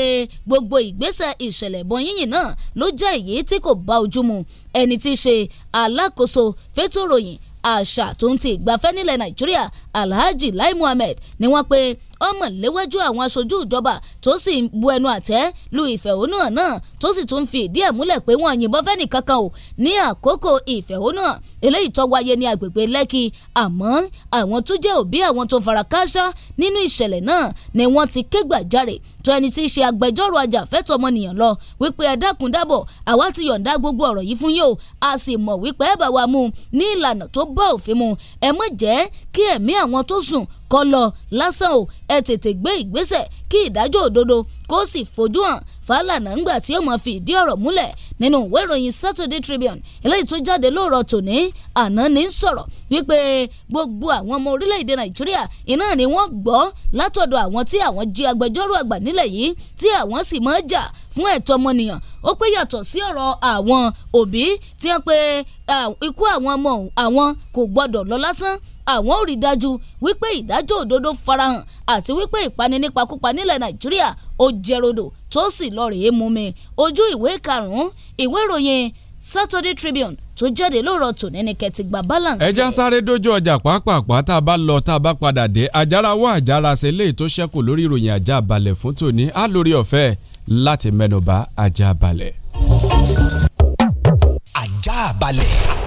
gbogbo ìgbésẹ̀ ìṣẹ̀lẹ̀ bọ yíyìn náà ló jẹ́ èyí tí kò bá ojú mu ẹni tí í ṣe alákòóso fétò ròyìn àṣà tó ń ti ìgbafẹ́ nílẹ̀ nàìjíríà alhaji lai muhammed ni wọ́n pe ọmọ léwájú àwọn aṣojú ìjọba tó sì ń bu ẹnu àtẹ́ lu ìfẹ̀hónúhàn náà tó sì tún fi ìdí ẹ̀ múlẹ̀ pé wọ́n yìnbọn fẹ́ni kankan o ní àkókò ìfẹ̀hónúhàn eléyìí tó wáyé ní agbègbè lẹ́kì àmọ́ àwọn tó jẹ́ òbí àwọn tó fara kááṣá nínú ìṣẹ̀lẹ̀ náà ni wọ́n ti ké gbàjarè tó ẹni tí í ṣe agbẹjọ́rò ajàfẹ́tọ̀ ọmọnìyàn lọ wípé ẹ dákun dábọ̀ àwa ti yọ̀ǹda gbogbo ọ̀rọ̀ yìí fún yín o a sì mọ̀ wípé ẹ bá wa mú ní ìlànà tó bá òfin mu ẹ má jẹ́ kí ẹ̀mí àwọn tó sùn kọ́ lọ lásán o ẹ tètè gbé ìgbésẹ̀ kí ìdájọ́ òdodo kó sì fojú hàn Fálànà ńgbà tí ó máa fi ìdí ọ̀rọ̀ múlẹ̀ nínú ìwé ìròyìn Saturday Tribune eléyìí tó jáde lóòrọ̀ tòní àná ní ń sọ̀rọ̀ wípé gbogbo àwọn ọmọ orílẹ̀-èdè Nàìjíríà iná ni wọ́n gbọ́ látọ̀dọ̀ àwọn tí àwọn jí agbẹjọ́rò àgbà nílẹ̀ yìí tí àwọn sì máa jà fún ẹ̀tọ́ ọmọnìyàn ó pé yàtọ̀ sí ọ̀rọ̀ àwọn òbí tí wọ́n pe ikú àwọn ọmọ àwọn kò gbọ́dọ̀ lọ lásán àwọn ò rí dájú wípé ìdájọ́ òdodo farahàn àti wípé ìpani nípakúpa nílẹ̀ nàìjíríà ó jẹrodò tó sì lọ rèé mú mi ojú ìwé karùn-ún ìwé ìròyìn Saturday Tribune tó jáde lóòrọ̀ tòní ni kẹ́ gba balance. ẹja sáré dójú ọjà pàápàá tá a bá lọ tá a bá padà dé àjàrà wá àjàrà ṣe léyìí tó ṣẹ́kù lórí ìròyìn ajá balẹ̀ fún tòní á lórí ọ̀fẹ́ láti mẹ́nuba ajá balẹ̀. ajá balẹ̀.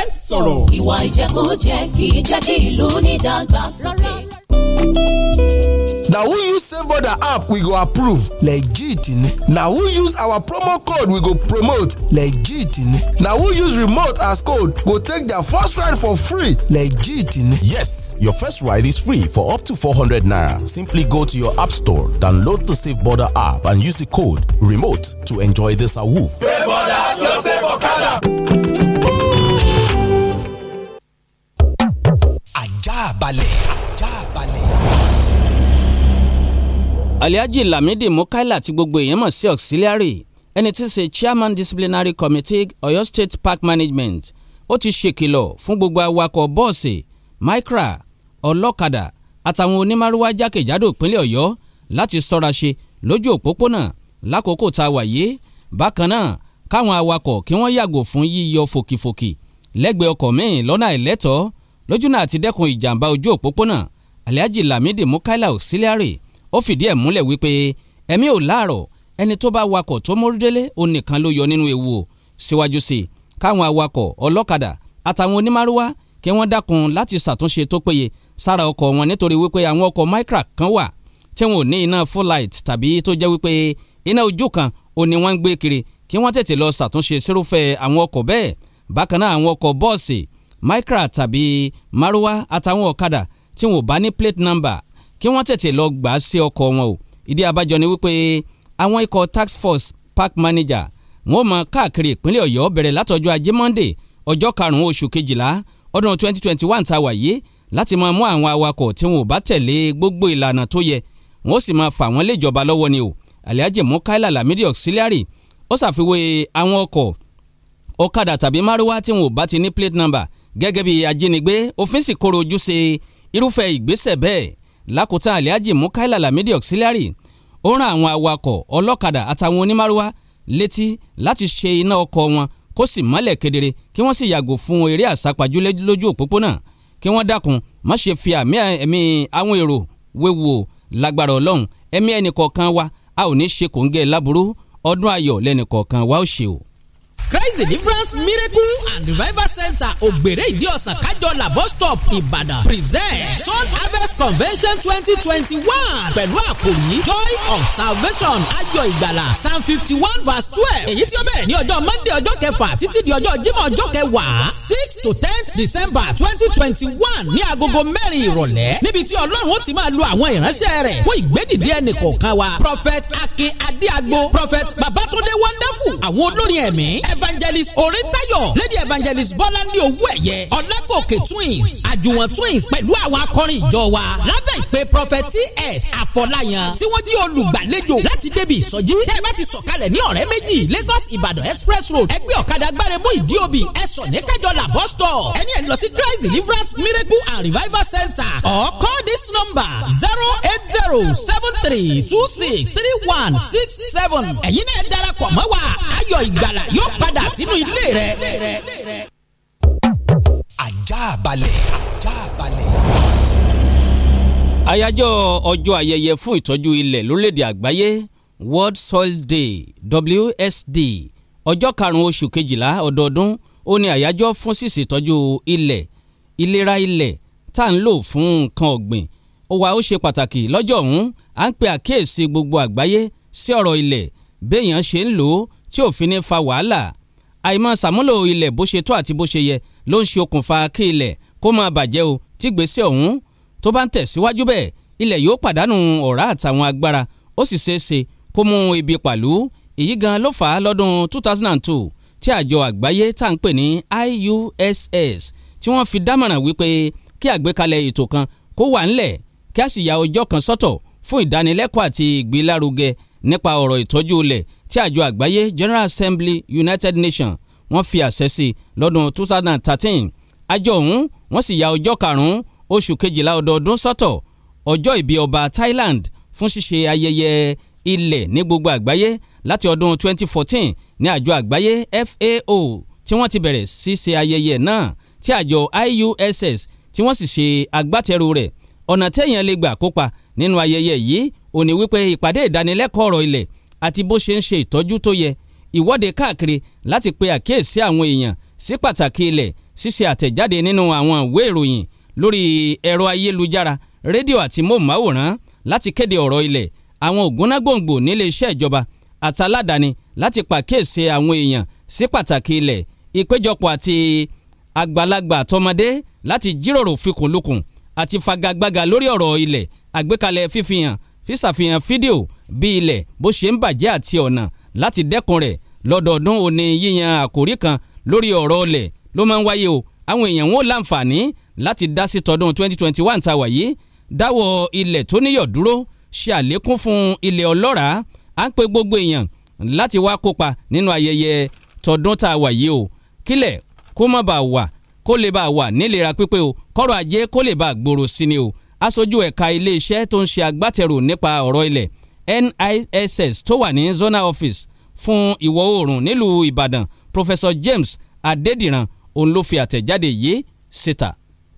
fẹ́ sọ̀rọ̀. ìwà ìjẹkújẹ kì í jẹ́ kí ìlú ní ìdàgbàsókè. na who use save border app we go approve legit ni na who use our promo code we go promote legit ni na who use remote as code go take their first ride for free legit ni. yes your first ride is free for up to 400 naira simply go to your app store download the save border app and use the code remote to enjoy this awoof. save border your save okada. Aliaji lamidi mukaila tí gbogbo èèyàn mọ̀ sí auxiliary ẹni tí í ṣe chairman disciplinary committee Ọ̀yọ́ state park management ó ti ṣèkìlọ̀ fún gbogbo awakọ̀ bọ́ọ̀sì micra ọlọ́kadà àtàwọn onímàrúwá jákèjádò ìpínlẹ̀ Ọ̀yọ́ láti ṣọ́ra ṣe lójú òpópónà lákòókò tá a wà yìí bákan náà káwọn awakọ̀ kí wọ́n yàgò fún yíyọ fòkìfòkì lẹ́gbẹ̀ẹ́ ọkọ̀ míì lọ́nà àìlẹ́tọ̀ọ́ lójú náà dẹ́kun ìjàmbá ojú òpópónà alhaji lamidi mukaila auxiliary ó fìdí ẹ̀ múlẹ̀ wípé ẹ̀mí ò láàrọ̀ ẹni tó bá wakọ̀ tó mórídélé òun nìkan ló yọ nínú ewu o síwájú sí i káwọn awakọ̀ ọlọ́kadà àtàwọn onímárúwá kí wọ́n dákun láti ṣàtúnṣe tó péye sára ọkọ̀ wọn nítorí wípé àwọn ọkọ̀ micra kan wà tí wọn ò ní iná full light tàbí tó jẹ́ wípé iná ojú kan ò ní wọ́n ń gbé kiri kí wọ́n tètè lọ ṣàtúnṣe sírúfẹ́ àwọn ọkọ̀ bẹ́ẹ̀ bákan náà àwọn ọkọ̀ bọ́ọ̀sì micra tàbí márúwá àtàwọn ọ̀kadà tí wọn ò bá ní plate number kí wọ́n tètè lọ gbà á sí ọkọ̀ wọn o ìdí abájọ ni wípé àwọn ikọ̀ task force park manager wọ́n mọ káàkiri ìpínlẹ̀ ọ̀yọ́ bẹ̀rẹ̀ látọjọ́ ajé monday ọjọ́ karùn-ún oṣù kejìlá ọdún 2021 ta wà yìí láti máa mú àwọn awakọ̀ tí wọn ò bá tẹ̀lé gbogbo ìlànà tó yẹ wọ́n sì máa fà wọ́n léjọba lọ́wọ́ ni o Alhaji Mukaila Lamidi Auxiliary ó ṣàfiwé àwọn ọkọ̀ ọ̀kadà tàbí márúwá tí wọn ò bá ti ní plate number gẹ́gẹ́ bí ajínigbé òfin sì kóró ojú irúfẹ́ ìgbésẹ̀ bẹ́ẹ̀ lákòótán aliaji mukaila lamidi auxiliary ó rán àwọn awakọ̀ ọlọ́kadà àtàwọn onímárúwá létí láti ṣe iná ọkọ̀ wọn kó sì mọ́lẹ̀ kedere kí wọ́n sì yàgò fún eré àsápajúlé lójú òpópónà kí wọ́n dákun má ṣe fi àmì ẹ̀mí àwọn èrò wéwu lágbára ọlọ́run ẹ̀mí ẹnìkọ̀ọ̀kan wa a ò ní ṣe kòńgẹ́ láburú ọdún ayọ̀ lẹ́nìkọ̀ọ̀kan wa ó ṣe o deliverance miracle and revival center ògbèrè ìdí ọ̀sán kájọlà bus stop ìbàdàn present sun harvest convention twenty twenty one pẹ̀lú àkòrí joy of salvation ayọ̀ ìgbàlà psalm fifty one verse twelve èyí tí ó bẹ̀rẹ̀ ní ọjọ́ monday ọjọ́ kẹfà títí di ọjọ́ jímọ̀ ọjọ́ kẹwàá six to ten december twenty twenty one ní agogo mẹ́rin ìrọ̀lẹ́ níbi tí ọlọ́run ó ti máa lo àwọn ìránṣẹ́ rẹ̀ fún ìgbédìde ẹnì kọ̀ọ̀kan wa prophet akin adéagbo prophet babatunde wonderful àwọn olórin ẹ̀mí evangelist evangelist oritayo lady evangelist bọ́láńdé owó ẹ̀yẹ ọlágòkè twins àjùwọ̀n twins pẹ̀lú àwọn akọrin ìjọ wa lábẹ́ ìpè prophet s àfọláyàn tí wọ́n jẹ́ olùgbàlejò láti débi ìsọjí tẹ́ ẹ bá ti sọ̀kalẹ̀ ní ọ̀rẹ́ méjì lagos ìbàdàn express road ẹgbẹ́ ọ̀kadà gbáre mú ìdí òbí ẹ̀sọ̀ ní kẹjọlá bus stop ẹni ẹ̀ lọ sí christ deliverance miracle and revival center or call this number zero eight zero seven three two six three one six seven ẹ̀yin náà darapọ̀ mọ́ wa ayọ̀ ìgbàlà yóò padà sínú ilé rẹ. ajá balẹ̀ ajá balẹ̀ àyájọ́ ọjọ́ ayẹyẹ fún ìtọ́jú ilẹ̀ lórílẹ̀‐èdè àgbáyé World Soil Day WSD ọjọ́ karùn-ún oṣù kejìlá ọdọọdún ó ní àyájọ́ fún ṣíṣe ìtọ́jú ilẹ̀ ìlera ilẹ̀ tá à ń lò fún nǹkan ọ̀gbìn ó wà ó ṣe pàtàkì lọ́jọ́ ọ̀hún à ń pe àkíyèsí gbogbo àgbáyé sí ọ̀rọ̀ ilẹ̀ béèyàn ṣe ń lò ó tí òfin ní fa wàhálà àìmọ̀ sàmúlò ilẹ̀ bó ṣe tó àti bó ṣe yẹ ló ń ṣe okùnfà kí ilẹ̀ kó máa bàjẹ́ o tí gbèsè ọ̀hún tó bá ń tẹ̀síwájú bẹ́ẹ̀ ilẹ̀ yóò pàdánù ọ̀rá àtàwọn agbára ó sì ṣeé ṣe kó mú ibi pàlú èyí gan ló fà á lọ́dún 2002 tí àjọ àgbáyé tá à ń pè ní IUSS tí wọ́n fi dámọ̀ràn wípé kí àgbékalẹ̀ ètò kan kó wà ńlẹ̀ kí a sì ya ọjọ́ kan sọ́tọ̀ fún ìdánilẹ́kọ̀ọ́ àti ìgbélárugẹ nípa ọ̀rọ̀ ìtọ́jú ilẹ̀ tí àjọ àgbáyé General Assembly United Nations wọ́n fi àṣẹ sí lọ́dún 2013 àjọ ọ̀hún wọ́n sì ya ọjọ́ karùn-ún oṣù kejìlá ọdọọdún sọ́tọ̀ ọjọ́ ìbí ọba Thailand fún ṣíṣe ayẹyẹ ilẹ̀ ní gbogbo àgbáyé láti ọdún 2014 ní àjọ àgbáyé FAO tí wọ́n ti bẹ̀rẹ̀ sí ṣe ayẹyẹ náà tí àjọ IUSS tí wọ́n sì ṣe agbátẹrù rẹ̀ ọ̀nà tẹ́yàn lè gbà kópa nínú ayẹyẹ yìí ò ní wípé ìpàdé ìdánilẹ́kọ̀ọ́ ọ̀rọ̀ ilẹ̀ àti bó ṣe ń ṣe ìtọ́jú tó yẹ ìwọ́de káàkiri láti pe àkíyèsí àwọn èèyàn sí pàtàkì ilẹ̀ ṣíṣe àtẹ̀jáde nínú àwọn ìwé ìròyìn lórí ẹ̀rọ ayélujára rédíò àti móhùnmáwòrán láti kéde ọ̀rọ̀ ilẹ̀ àwọn ògúnnágbòǹgbò nílé iṣẹ́ ìjọba àtàládàáni láti pàkíyèsí àwọn èèyàn sí pàtàkì ilẹ̀ ìpéjọpọ̀ àti àgbàlagbà àtọmọdé láti jíròrò fikùnlukùn àti fagagbága lórí ọ̀rọ̀ ilẹ̀ àgbékalẹ̀ fífihàn ṣíṣàfihàn fídíò bí ilẹ̀ bó ṣe ń bàjẹ́ àti ọ̀nà láti dẹ́kun rẹ̀ lọ́dọọdún òní yíyan àkòrí kan lórí ọ̀rọ̀ ọlẹ̀ ló máa ń wáyé o àwọn èèyàn wọn ò láǹfààní láti dá sí tọdún 2021 tá wà yìí dáwọ́ ilẹ̀ tó níyọ̀ dúró ṣe àlékún fún ilẹ̀ ọlọ́ràá à ń pe gbogbo èèyàn láti wá kópa nínú ayẹyẹ tọdún tá a wà yìí o kílẹ̀ kó má bàa wà kó lè bàa wà nílera pípé o kọ́rọ̀ ajé kó lè bàa gbòòrò sí ni o aṣojú ẹ̀ka iléeṣẹ́ tó ń ṣe agbátẹrù nípa ọ̀rọ̀ ilẹ̀ NISS tó wà ní zona office fún ìwọ̀ oòrùn nílùú Ìbàdàn Professor James Adédìran òun ló fi àtẹ̀jáde yìí síta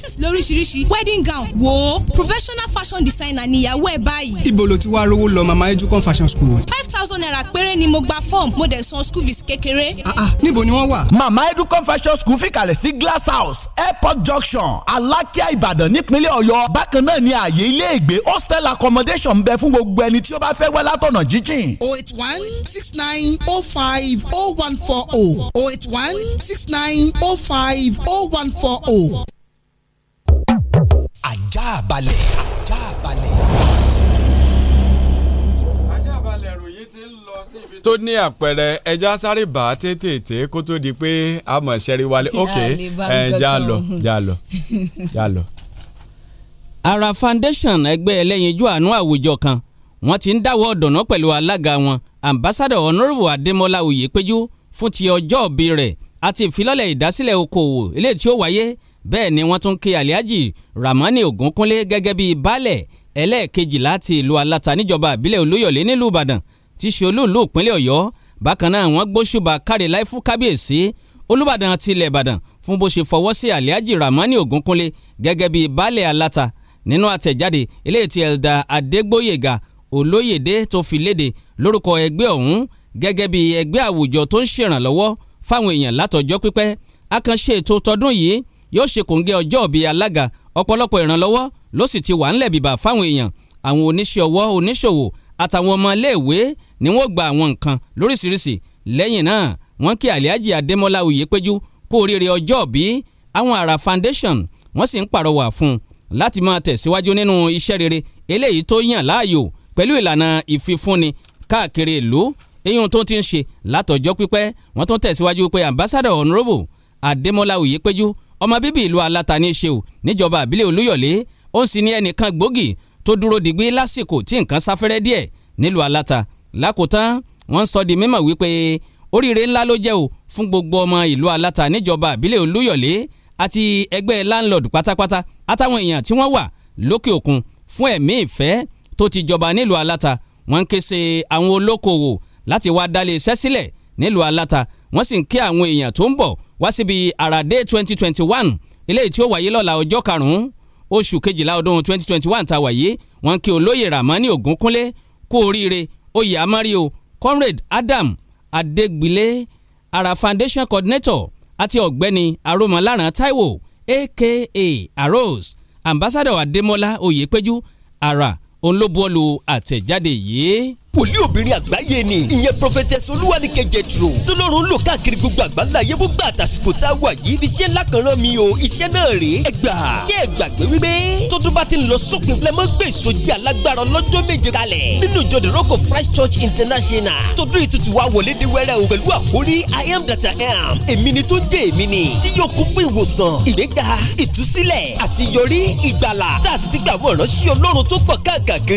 dresses lóríṣiríṣi wedding gown wo professional fashion designer níyàwó ẹ̀ báyìí. ibo ló ti wá rówó lọ mama educon fashion school. five thousand naira péré ni mo gba form mo dẹ̀ san school fees kékeré. ah ah níbo ni wọ́n wà. mama educon fashion school fìkàlẹ̀ sí glass house airport junction alákíá ìbàdàn nípínlẹ̀ ọ̀yọ́ bákan náà ni ààyè ilé ìgbé hostel accommodation ń bẹ fún gbogbo ẹni tí ó bá fẹ́ wẹ́ látọ̀nà jíjìn. o oh eight one six nine o oh five o oh one four o o eight one six nine o five o one four o ajá balẹ̀ ajá balẹ̀. ajá balẹ̀ ròyìn ti ń lọ sí ibi tó ní àpẹẹrẹ ẹja sáré bá tètè kó tó di pé a mọ̀ ṣẹ́rí wálé ok já lọ já lọ já lọ. ara foundation ẹgbẹ́ ẹlẹ́yinjú àánú àwùjọ kan wọ́n ti ń dáwọ́ ọ̀dọ̀nà pẹ̀lú alága wọn ambassador honorable adémọlá oyèpéjú fún ti ọjọ́ òbí rẹ̀ àti ìfilọ́lẹ̀ ìdásílẹ̀ okòòwò eléyìí tí ó wáyé bẹ́ẹ̀ ni wọ́n tún ké Alhaji Ramani Ògúnkúnlé gẹ́gẹ́ bíi baálẹ̀ ẹlẹ́ẹ̀kejì láti ìlú Aláta níjọba àbílẹ̀ Olúyọ̀lé nílùú Ìbàdàn tí ṣe olúùlú ìpínlẹ̀ Ọ̀yọ́ bákan náà wọ́n gbóṣùbà káre láì fún kábíyèsí Olúbàdàn àti ilẹ̀ Ìbàdàn fún bó ṣe fọwọ́ sí Alhaji Ramani Ògúnkúnlé gẹ́gẹ́ bíi baálẹ̀ Aláta nínú àtẹ̀jáde eléyìí tí Elda Adégbóyèga Olóyèdé tó fi léde lórúkọ ẹgbẹ́ ọ̀hún gẹ́gẹ́ bíi ẹgbẹ́ àwùjọ tó ń ṣèrànlọ́wọ́ fáwọn èèyàn yóò ṣe kòńgẹ́ ọjọ́ ìbí alága ọ̀pọ̀lọpọ̀ ìrànlọ́wọ́ ló sì ti wà ńlẹ̀ bìbà fáwọn èèyàn àwọn oníṣẹ́ ọwọ́ oníṣòwò àtàwọn ọmọ iléèwé ni wọ́n gba àwọn nǹkan lóríṣiríṣi lẹ́yìn náà wọ́n kí Alhaji Adémọ́lá Oyèpéjú kú oríire ọjọ́ ìbí àwọn àrà foundation wọ́n sì ń pàrọwà fún un láti máa tẹ̀síwájú nínú iṣẹ́ rere eléyìí tó yàn láàyò pẹ̀lú ìlànà ìfifúnni káàkiri ìlú eyín tó ti ń ṣe látọjọ́ pípẹ́ wọ́n tún tẹ̀síwájú pé ambassador honourable Adémọ́lá Oyèpéjú ọmọ bíbí ìlú aláta ní í ṣe ò níjọba àbílẹ̀ olúyọ̀lé ó ń sì ní ẹnìkan gbòógì tó dúró dìgbì lásìkò tí nǹkan sáfẹ́rẹ́ díẹ̀ nílùú aláta lákòótán wọ́n sọ di mímọ̀ wípé oríire ńlá ló jẹ́ o fún gbogbo ọmọ ìlú aláta níjọba àbílẹ̀ olúyọ̀lé àti ẹgbẹ́ landlord pátápátá àtàwọn èèyàn tí wọ́n wà lókè òkun fún ẹ̀mí ìfẹ́ tó ti jọba nílùú aláta wọ́n ń ké se àwọn olókoòwò láti wá dálé iṣẹ́ sílẹ̀ nílùú aláta wọ́n sì ń kí àwọn èèyàn tó ń bọ̀ wá síbi àràdé 2021 eléyìí tí ó wáyé lọ́la ọjọ́ karùn-ún oṣù kejìlá ọdún 2021 ta wáyé wọ́n kí olóyè Ramani Ògúnkúnlé kú oríire oyè amari Comrade Adam Adégbílé ara Foundation Coordinator àti ọ̀gbẹ́ni Aromọláran Taiwo, aka Arose Ambassador Adémọ́lá Oyèpéjú ara òun ló buwọ́lu àtẹ̀jáde yìí wòlíì obìnrin àgbáyé ni ìyẹn prophetess olúwaníkẹ́ jẹtro tọ́lọ́run lò káàkiri gbogbo àgbáńlá yẹ gbogbo àtàsìkò tá a wà yìí iṣẹ́ ńlá kan rán mi o iṣẹ́ náà rèé ẹ gbà kí ẹ gbàgbé wípé tọ́dún bá ti lọ sópin lẹ mọ́ gbé ìsọjí alágbára ọlọ́jọ́ méje kalẹ̀ nínú ìjọ the rock of christ church international tọdún ìtutù wa wọlé dé wẹ́rẹ́ o pẹ̀lú àkórí i am that i am èmi ni tó ń jẹ́ èmi ni tí yóò kún fún ìwòsàn ìgbéga ìtúsílẹ̀ àṣeyọrí ìgbàlà tá a sì ti gbà wọ́n ránṣẹ́ ọlọ́run tó pọ̀ káàkiri